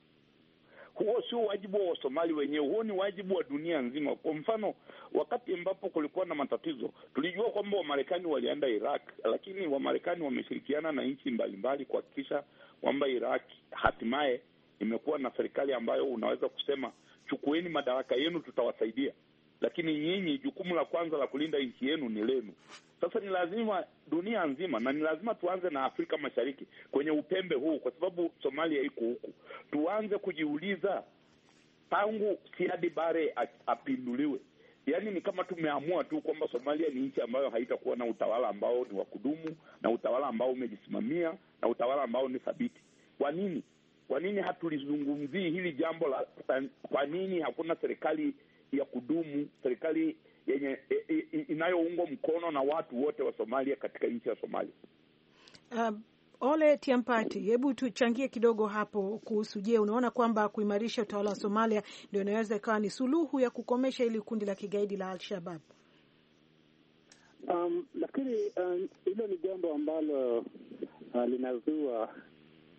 Huo sio wajibu wa Wasomali wenyewe, huo ni wajibu wa dunia nzima. Kwa mfano, wakati ambapo kulikuwa na matatizo, tulijua kwamba Wamarekani walienda Iraq, lakini Wamarekani wameshirikiana na nchi mbalimbali kuhakikisha kwamba Iraq hatimaye imekuwa na serikali ambayo unaweza kusema chukueni madaraka yenu, tutawasaidia lakini nyinyi jukumu la kwanza la kulinda nchi yenu ni lenu. Sasa ni lazima dunia nzima, na ni lazima tuanze na Afrika Mashariki kwenye upembe huu, kwa sababu Somalia iko huku, tuanze kujiuliza tangu Siadi Bare apinduliwe, yaani ni kama tumeamua tu kwamba Somalia ni nchi ambayo haitakuwa na utawala ambao ni wa kudumu na utawala ambao umejisimamia na utawala ambao ni thabiti. Kwa nini? Kwa nini hatulizungumzii hili jambo la, kwa nini hakuna serikali ya kudumu, serikali yenye e, e, e, inayoungwa mkono na watu wote wa Somalia katika nchi ya Somalia. Um, Ole Tiampati, hebu tuchangie kidogo hapo kuhusu, je, unaona kwamba kuimarisha utawala wa Somalia ndio inaweza ikawa ni suluhu ya kukomesha hili kundi la kigaidi la Al-Shabab? Um, lakini um, hilo um, ni jambo ambalo uh, linazua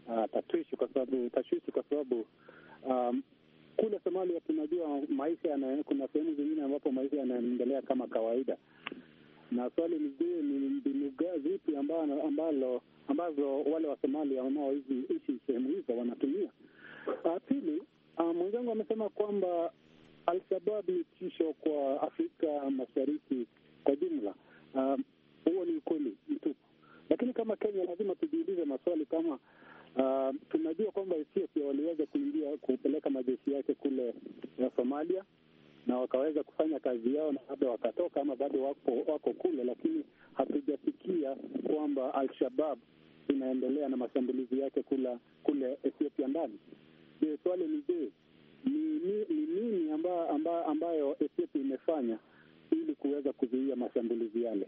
uh, tashwishi kwa sababu tashwishi kwa sababu um, kule Somalia tunajua maisha yana, kuna sehemu zingine ambapo maisha yanaendelea kama kawaida, na swali ni je, ni mbinu zipi ambalo ambazo wale wa Somalia wanaoishi sehemu hizo wanatumia? Ah, pili, ah, mwenzangu amesema kwamba al ni tisho kwa Afrika Mashariki kwa jumla. Ah, huo ni ukweli mtupu, lakini kama Kenya lazima tujiulize maswali kama Uh, tunajua kwamba Ethiopia waliweza kuingia kupeleka majeshi yake kule ya eh, Somalia na wakaweza kufanya kazi yao na labda wakatoka ama bado wako, wako kule, lakini hatujasikia kwamba Al-Shabab inaendelea na mashambulizi yake kula, kule Ethiopia ndani. Je, swali ni je, ni nini ambayo, amba, ambayo Ethiopia imefanya ili kuweza kuzuia mashambulizi yale?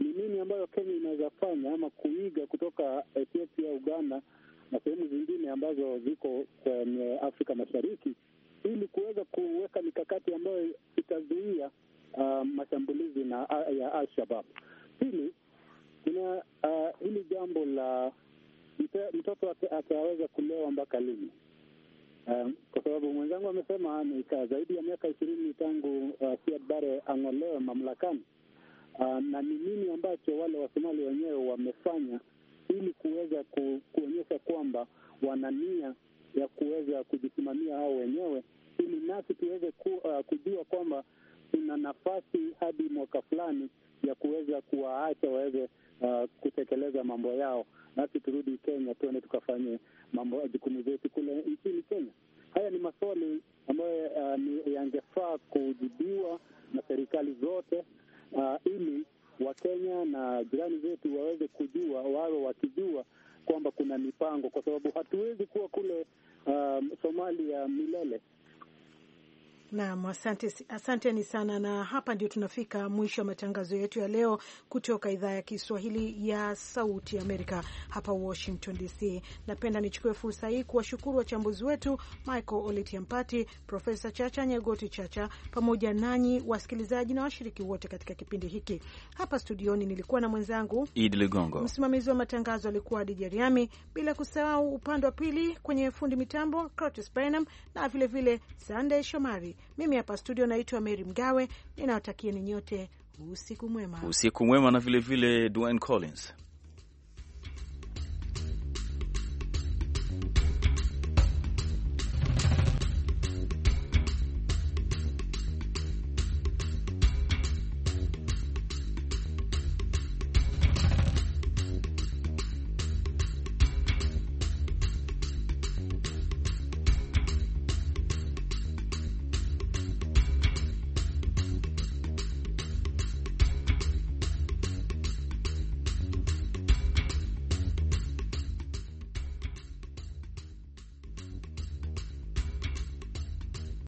Ni nini ambayo Kenya inaweza fanya ama kuiga kutoka Ethiopia, Uganda na sehemu zingine ambazo ziko kwenye Afrika Mashariki ili kuweza kuweka mikakati ambayo itazuia uh, mashambulizi na uh, ya Alshabab. Pili, kuna uh, hili jambo la mtoto ataweza kulewa mpaka lini? Um, kwa sababu mwenzangu amesema ni zaidi ya miaka ishirini tangu uh, Siad Barre ang'olewe mamlakani. Uh, na ni nini ambacho wale Wasomali wenyewe wamefanya ili kuweza ku, kwamba wana nia ya kuweza kujisimamia hao wenyewe, ili nasi tuweze ku, Asante, asanteni sana, na hapa ndio tunafika mwisho wa matangazo yetu ya leo kutoka idhaa ya Kiswahili ya Sauti Amerika hapa Washington DC. Napenda nichukue fursa hii kuwashukuru wachambuzi wetu Michael Olitiampati, Profesa Chacha Nyagoti Chacha, pamoja nanyi wasikilizaji na washiriki wote katika kipindi hiki. Hapa studioni nilikuwa na mwenzangu Idi Ligongo, msimamizi wa matangazo alikuwa Adi Riami, bila kusahau upande wa pili kwenye fundi mitambo Curtis Bynum na vilevile Sandey Shomari. Mimi hapa studio naitwa Mary Mgawe, ninawatakieni nyote usiku mwema, usiku mwema na vilevile Dwayne Collins.